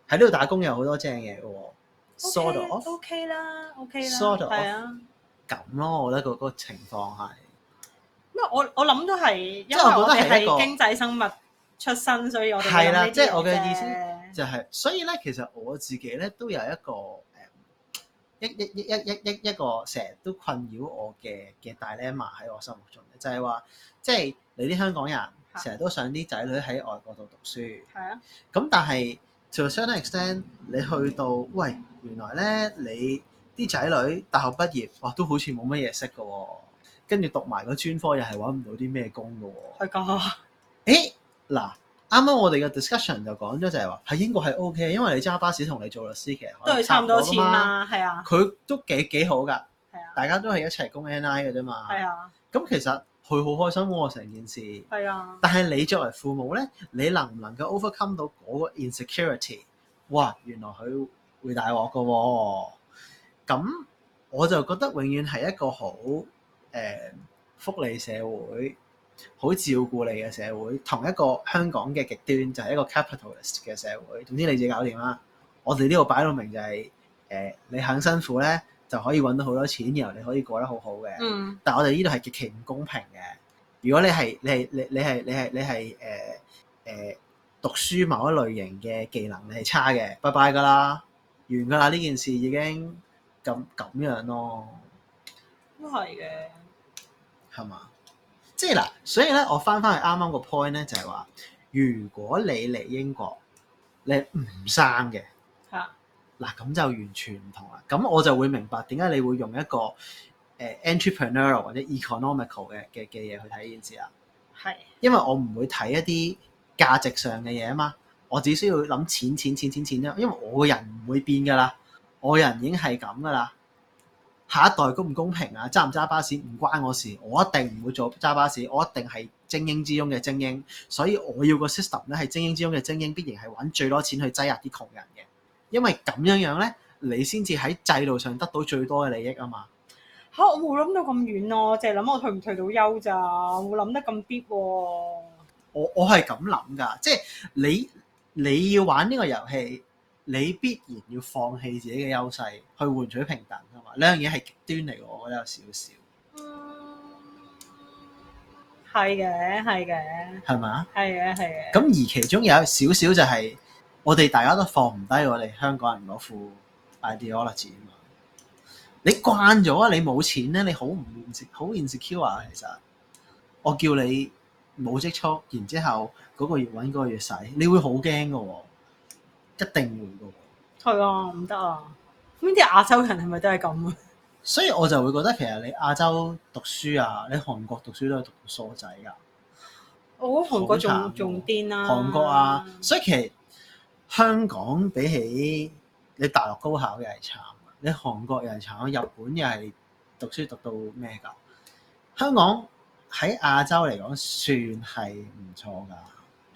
喺呢度打工有好多正嘢喎 s o r t 都 OK 啦 off,，OK 啦、okay、s o r t 係啊，咁咯，我覺得個嗰個情況係咩？我我諗都係，因為我哋係經濟生物出身，所以我係啦，即係、啊就是、我嘅意思就係、是，所以咧，其實我自己咧都有一個誒、嗯、一一一一一一個成日都困擾我嘅嘅大疑問喺我心目中就係、是、話，即、就、係、是、你啲香港人。成日都想啲仔女喺外國度讀書，係啊，咁但係 to a certain extent，你去到，喂，原來咧你啲仔女大學畢業，哇，都好似冇乜嘢識嘅喎，跟住讀埋個專科又係揾唔到啲咩工嘅喎，係噶，誒，嗱、欸，啱啱我哋嘅 discussion 就講咗就係話，喺英國係 OK，因為你揸巴士同你做律師嘅，都係差唔多錢嘛，係啊，佢都幾幾好㗎，係啊，大家都係一齊供 NI 嘅啫嘛，係啊，咁、啊啊、其實。佢好開心喎、啊，成件事。係啊。但係你作為父母咧，你能唔能夠 overcome 到嗰個 insecurity？哇，原來佢會大鑊噶喎。咁我就覺得永遠係一個好誒、欸、福利社會，好照顧你嘅社會。同一個香港嘅極端就係、是、一個 capitalist 嘅社會。總之你自己搞掂啦。我哋呢度擺到明就係、是、誒、欸，你肯辛苦咧。就可以揾到好多錢，然後你可以過得好好嘅。嗯，但係我哋呢度係極其唔公平嘅。如果你係你係你你係你係你係誒誒讀書某一類型嘅技能，你係差嘅，拜拜㗎啦，完㗎啦，呢件事已經咁咁樣，樣咯。都係嘅，係嘛？即係嗱，所以咧，我翻翻去啱啱個 point 咧，就係話，如果你嚟英國，你唔生嘅。嗱，咁就完全唔同啦。咁我就會明白點解你會用一個誒 entrepreneur 或者 economical 嘅嘅嘅嘢去睇呢件事啦。係的，因為我唔會睇一啲價值上嘅嘢啊嘛。我只需要諗錢錢錢錢錢啫。因為我個人唔會變噶啦，我個人已經係咁噶啦。下一代公唔公平啊？揸唔揸巴士唔關我事。我一定唔會做揸巴士。我一定係精英之中嘅精英。所以我要個 system 咧係精英之中嘅精英，必然係揾最多錢去擠壓啲窮人嘅。因為咁樣樣咧，你先至喺制度上得到最多嘅利益啊嘛嚇！我冇諗到咁遠咯、啊，我淨係諗我退唔退到休咋，冇諗得咁啲喎。我、啊、我係咁諗㗎，即係你你要玩呢個遊戲，你必然要放棄自己嘅優勢去換取平等啊嘛。呢樣嘢係極端嚟㗎，我覺得有少少。嗯，係嘅，係嘅吧，係嘛？係嘅，係嘅。咁而其中有一少少就係、是。我哋大家都放唔低，我哋香港人嗰副 ideology 嘛？你慣咗啊？你冇錢咧，你好唔現實，好現實 q a r 其實。我叫你冇積蓄，然之後嗰個月揾，嗰、嗰個月使、嗰個，你會好驚嘅喎，一定會嘅喎。係啊，唔得啊！咁啲亞洲人係咪都係咁啊？所以我就會覺得其實你亞洲讀書啊，你韓國讀書都係讀個傻仔㗎。我覺得韓國仲仲、啊、癲啦、啊！韓國啊，所以其實。香港比起你大陸高考又係慘，你韓國又係慘，日本又係讀書讀到咩㗎？香港喺亞洲嚟講算係唔錯㗎。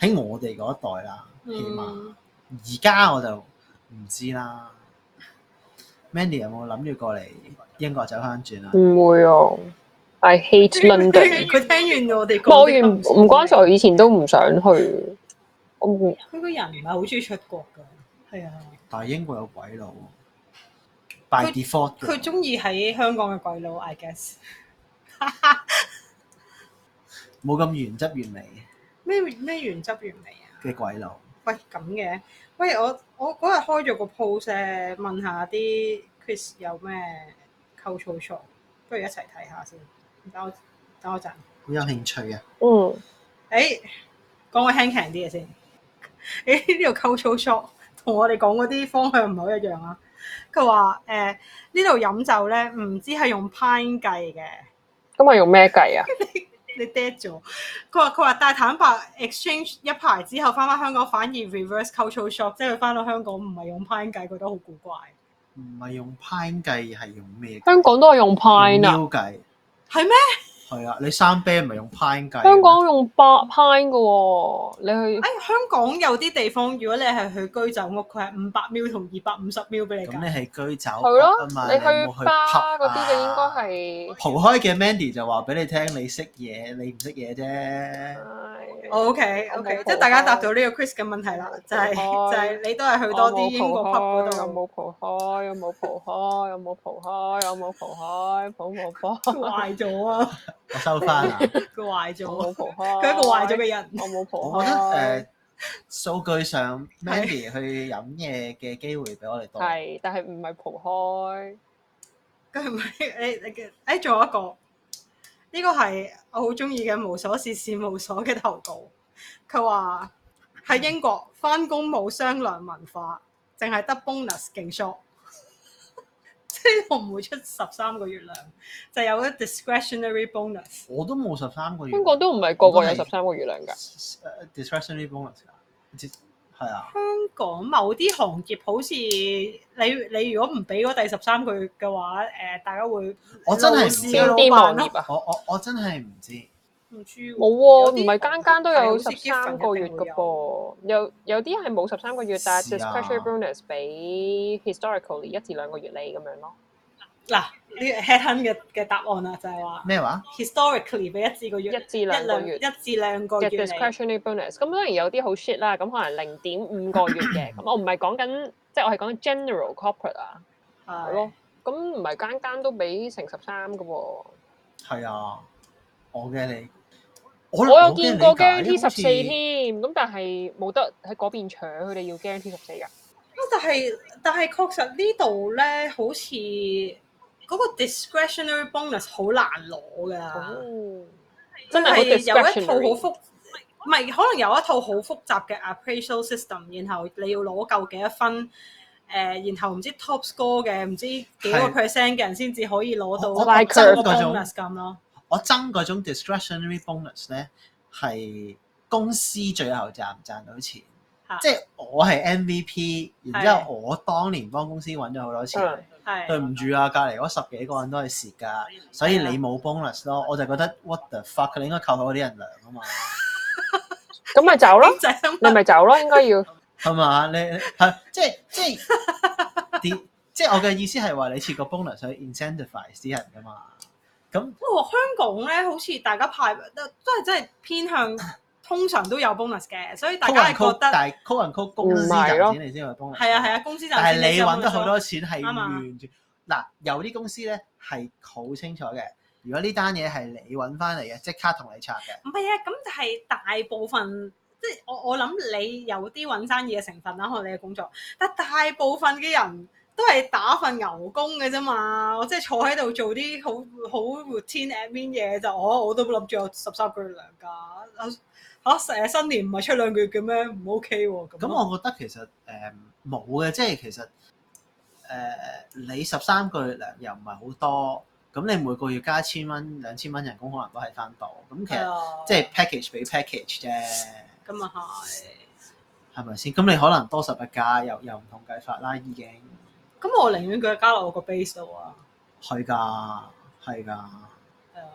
喺我哋嗰一代啦，起碼而家我就唔知啦。嗯、Mandy 有冇諗住過嚟英國走翻轉啊？唔會哦，I hate London。佢聽，聽，聽完我哋，講完唔關事。我以前都唔想去。我唔會佢個人唔係好中意出國㗎，係啊。但係英國有鬼佬他，by default 佢中意喺香港嘅鬼佬，I guess 冇 [LAUGHS] 咁原汁原味咩，咩原汁原味啊嘅鬼佬喂，咁嘅喂，我我嗰日開咗個 post 問，問一下啲 Chris 有咩溝錯錯，不如一齊睇下先。等我等我陣，好有，有興趣啊。嗯，誒講個輕強啲嘅先。誒，呢度 culture shock 同我哋講嗰啲方向唔係好一樣啊。佢話誒，欸、飲呢度飲酒咧唔知係用 pint 計嘅，咁我用咩計啊？你 dead 咗。佢話佢話大坦白 exchange 一排之後翻翻香港反而 reverse culture shock 即係佢翻到香港唔係用 pint 計，覺得好古怪。唔係用 pint 計係用咩？香港都係用 pint 啊。係咩？係啊，你生啤唔係用 pine 計？香港用八 pine 噶、哦，你去。誒、哎，香港有啲地方，如果你係去居酒屋，佢係五百 mil 同二百五十 mil 俾你。咁你係居酒？係咯。你去 bar 嗰啲嘅應該係。蒲開嘅 Mandy 就話俾你聽，你識嘢，你唔識嘢啫。O K O K，即係大家答到呢個 Chris 嘅問題啦，就係、是、開就係你都係去多啲英國 pub 嗰度。冇蒲開，有冇蒲開，有冇蒲開，有冇蒲開，蒲唔開。壞咗 [LAUGHS] 啊！我收翻啦！佢 [LAUGHS] 壞咗了，我冇蒲開。佢 [LAUGHS] 係一個壞咗嘅人， [LAUGHS] [LAUGHS] 我冇蒲開。 [LAUGHS] 我覺得誒、呃、數據上 [LAUGHS] ，Mandy 去飲嘢嘅機會比我哋多。係 [LAUGHS] 但係唔係蒲開？佢唔係你你嘅誒？仲、哎、有一個呢、呢個係我好中意嘅，無所事事無所嘅投稿。佢話喺英國翻工冇商量文化，淨係得 bonus 勁索。我唔會出十三個月糧，就有一個 discretionary bonus。我都冇十三個月。香港都唔係個個有十三個月糧㗎。誒，discretionary bonus 啊，係啊。香港某啲行業好似你你，如果唔俾嗰第十三個月嘅話，誒、呃，大家會我真係唔知網啊，老闆啊，我我我真係唔知。唔冇喎，唔係間間都有十三個月嘅噃，有有啲係冇十三個月，但係 discretionary bonus 俾 historically 一至兩個月嚟咁樣咯。嗱，呢 headhunt 嘅嘅答案啊，就係話咩話？historically 俾一至個月，一至兩個月，一至兩個月嘅 discretionary bonus。咁當然有啲好 shit 啦，咁可能零點五個月嘅。咁我唔係講緊，即係我係講緊 general corporate 啊，係咯。咁唔係間間都俾成十三嘅噃。係啊，我嘅你。我，我有見過 guarantee 十四添，咁但係冇得喺嗰邊搶，佢哋要 guarantee 十四噶。但係但係確實呢度咧，好似嗰個 discretionary bonus 好難攞噶、啊哦。真係有一套好複雜，唔係可能有一套好複雜嘅 appraisal system，然後你要攞夠幾多分，誒、呃，然後唔知 top score 嘅唔知幾個 percent 嘅人先至可以攞到 bonus 咁咯。是我憎嗰種 discretionary bonus 咧，係公司最後賺唔賺到錢、啊，即係我係 MVP，然之後我當年幫公司揾咗好多錢、嗯，對唔住啊，隔離嗰十幾個人都係蝕㗎，所以你冇 bonus 咯，我就覺得 what the fuck，你應該扣好啲人糧啊嘛，咁咪走咯，你咪走咯，應該要係嘛？ [LAUGHS] 你即即即即我嘅意思係話你設個 bonus 去 incentivize 啲人㗎嘛。哇、哦！香港咧，好似大家派都都係真係偏向通常都有 bonus 嘅，所以大家係覺得， [MUSIC] 但係 cut a 人 call 公司嘅錢你先有 bonus。係啊係啊，公司就、bon、但係你揾得好多錢係完全。嗱吧、啊，有啲公司咧係好清楚嘅，如果呢單嘢係你揾翻嚟嘅，即刻同你拆嘅。唔係啊，咁就係大部分即係、就是、我我諗你有啲揾生意嘅成分啦、啊，可能你嘅工作，但大部分嘅人。都係打份牛工嘅啫嘛，我即係坐喺度做啲好好 routine admin 嘢就我、哦、我都冇諗住有十三個月糧㗎嚇。成、啊、日、啊、新年唔係出兩個月嘅咩？唔 OK 喎、啊、咁。咁我覺得其實誒冇嘅，即係其實誒、呃、你十三個月糧又唔係好多，咁你每個月加一千蚊、兩千蚊人工，可能都係翻到咁。其實即係 package 俾 package 啫。咁啊係係咪先？咁你可能多十日假，又又唔同計法啦，已經。咁我寧願佢加落我個 base 度啊！係㗎，係㗎，係、嗯、啊！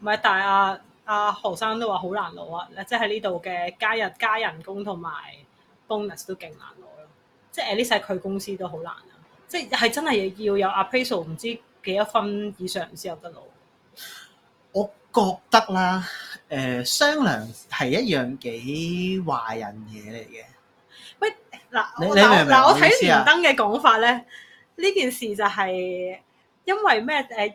唔、啊、係，但係阿阿何生都話好難攞啊！即係呢度嘅加入加人工同埋 bonus 都勁難攞咯、啊。即係 Alice 佢公司都好難啊！即係真係要有 appraisal 唔知幾多分以上先有得攞、啊。我覺得啦，誒、呃、商量係一樣幾壞人嘢嚟嘅。喂，嗱嗱嗱，我睇連登嘅講法咧。呢件事就係因為咩？誒，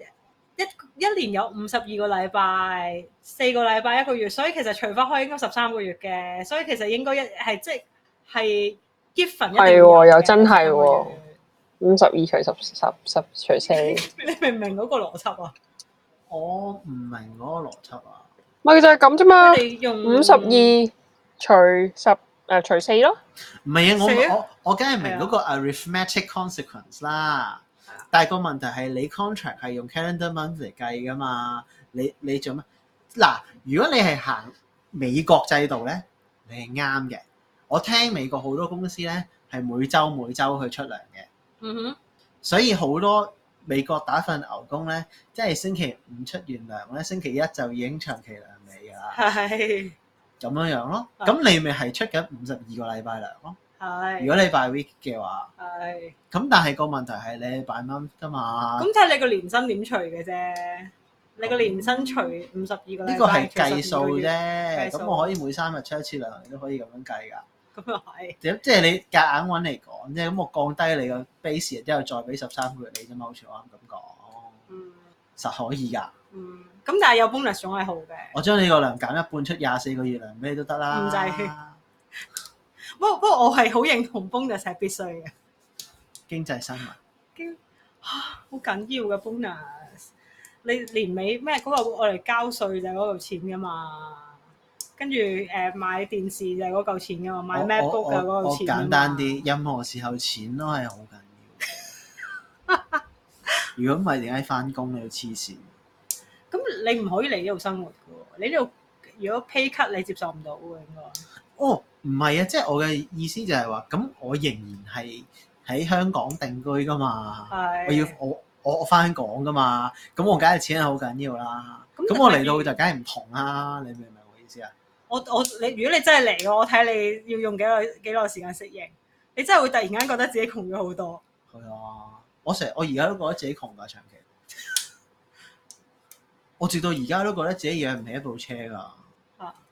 一一年有五十二個禮拜，四個禮拜一個月，所以其實除返開應該十三個月嘅，所以其實應該一係即係結分。係喎，又、哦、真係喎、哦，五十二除十十十除四。 [LAUGHS] 你明唔明嗰個邏輯啊？我唔明嗰個邏輯啊。咪就係咁啫嘛。用五十二除十。誒除四咯，唔係啊！我我我梗係明嗰個 arithmetic consequence 啦，的但係個問題係你 contract 係用 calendar month 嚟計㗎嘛？你你做乜？嗱，如果你係行美國制度咧，你係啱嘅。我聽美國好多公司咧係每週每週去出糧嘅。嗯哼，所以好多美國打份牛工咧，即係星期五出完糧咧，星期一就已經長期糧尾啦。係。咁樣樣咯，咁你咪係出緊五十二個禮拜糧咯。係，如果你 pay week 嘅話，係。咁但係個問題係你 pay mon 啫嘛。咁即係你個年薪點除嘅啫？你個年薪除五十二個禮拜。呢個係計數啫。計數。咁我可以每三日出一次糧，你都可以咁樣計㗎。咁又係。即即係你夾硬揾嚟講啫。咁我降低你個 base 之後，再俾十三個月你啫嘛。好似我啱咁講。嗯。實可以㗎。嗯。咁但係有 bonus 總係好嘅。我將你個糧減一半，出廿四個月糧俾你都得啦。唔制。不過不過我係好認同 bonus 係必須嘅。經濟生物。經嚇好緊要嘅 bonus。你年尾咩嗰個我嚟交稅就嗰嚿錢㗎嘛。跟住誒買電視就嗰嚿錢㗎嘛，買 MacBook 就嗰嚿錢啊嘛。簡單啲，任何時候錢都係好緊要。如果唔係點解返工你要黐線？咁你唔可以嚟呢度生活嘅喎，你呢度如果 pay cut 你接受唔到嘅應該。哦，唔係啊，即係我嘅意思就係話，咁我仍然係喺香港定居噶嘛，的我要我我翻香港噶嘛，咁我梗係錢係好緊要啦。咁我嚟到就梗係唔同啦，啊，你明唔明我意思啊？我我你如果你真係嚟，我睇你要用幾耐幾耐時間適應，你真係會突然間覺得自己窮咗好多。係啊，我成日，我而家都覺得自己窮㗎長期。我直到而家都覺得自己養唔起一部車㗎。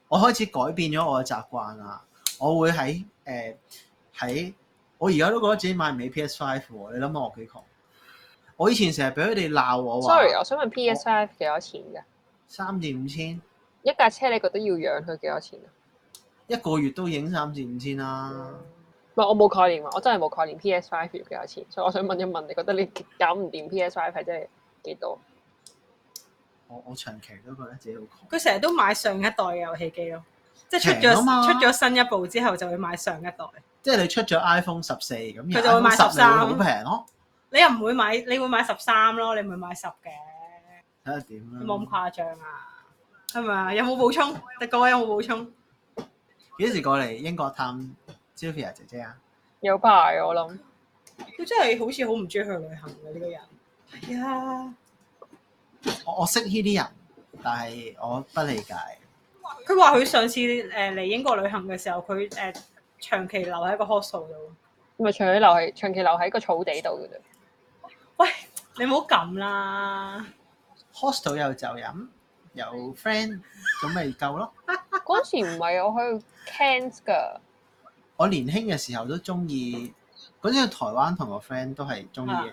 我開始改變咗我嘅習慣啦。我會喺誒喺我而家都覺得自己買唔起 PS Five 喎。你諗下我幾窮？我以前成日俾佢哋鬧我話。Sorry，我想問 PS Five 幾我多錢㗎？三至五千。一架車你覺得要養佢幾多錢啊？一個月都影三至五千啦。唔係、嗯、我冇概念啊！我真係冇概念 PS Five 要幾多錢，所以我想問一問你，你覺得你搞唔掂 PS Five 係真係幾多？我我長期都覺得自己好窮。佢成日都買上一代嘅遊戲機咯，即係出咗出咗新一部之後，就會買上一代。即係你出咗 iPhone 十四咁，佢就會買十三。好平咯！你又唔會買，你會買十三咯？你唔會買十嘅？睇下點啦。冇咁誇張啊，係咪啊？有冇補充？各位有冇補充？幾時過嚟英國探 Sylvia 姐姐啊？有排我諗。佢真係好似好唔中意去旅行嘅呢個人。係啊。我我識呢啲人，但係我不理解。佢話佢上次誒嚟英國旅行嘅時候，佢誒、呃、長期留喺個 hostel 度，咪長期留喺長期留喺個草地度嘅。喂，你唔好咁啦。Hostel 又就飲，又 friend，咁咪夠咯。嗰時唔係我去 camps 噶。我年輕嘅時候都中意，嗰陣台灣同我 friend 都係中意。 [LAUGHS]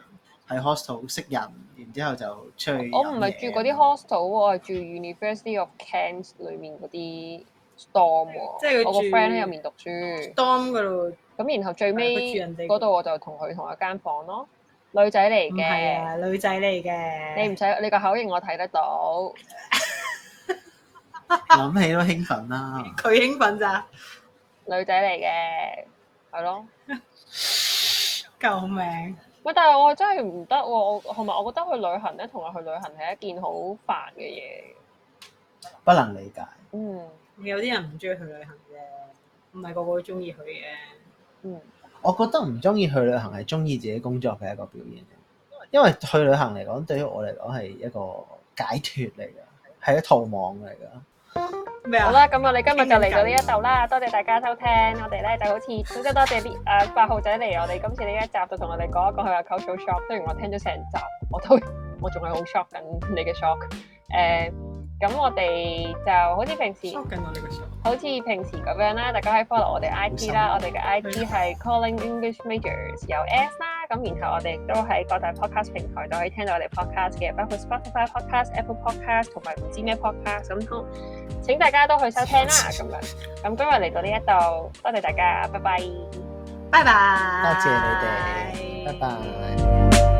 喺 hostel 識人，然之後就出去。我唔係住嗰啲 hostel，我係住 University of Kent 裏面嗰啲 dorm 喎，即係我個 friend 喺入面讀書。dorm 嗰度，咁然後最尾嗰度我就同佢同一間房咯。女仔嚟嘅，啊，女仔嚟嘅。你唔使，你個口型我睇得到。諗 [LAUGHS] 起都興奮啦！佢興奮咋？女仔嚟嘅，係咯。救命！喂，但係我真係唔得喎。我同埋我覺得去旅行咧，同埋去旅行係一件好煩嘅嘢。不能理解。嗯，有啲人唔中意去旅行嘅，唔係個個都中意去嘅。嗯，我覺得唔中意去旅行係中意自己工作嘅一個表現。因為去旅行嚟講，對於我嚟講係一個解脫嚟㗎，係一個逃亡嚟㗎。好啦，咁我哋今日就嚟到呢一度啦，多謝大家收聽，我哋咧就好似，總之多謝啲誒、呃、八號仔嚟，我哋今次呢一集就同我哋講一講佢嘅 cultural shock，雖然我聽咗成集，我都我仲係好 shock 緊你嘅 shock，誒、呃。嗯咁我哋就好似平時，好似平時咁樣啦，大家可以 follow 我哋 IG 啦，我哋嘅 IG 係 Calling English Majors 有 S 啦，咁然後我哋都喺各大 podcast 平台都可以聽到我哋 podcast 嘅，包括 Spotify podcast、Apple podcast 同埋唔知咩 podcast，咁好，請大家都去收聽啦，咁事樣。咁今日嚟到呢一度，多謝大家，拜拜，拜拜，多謝你哋，拜拜。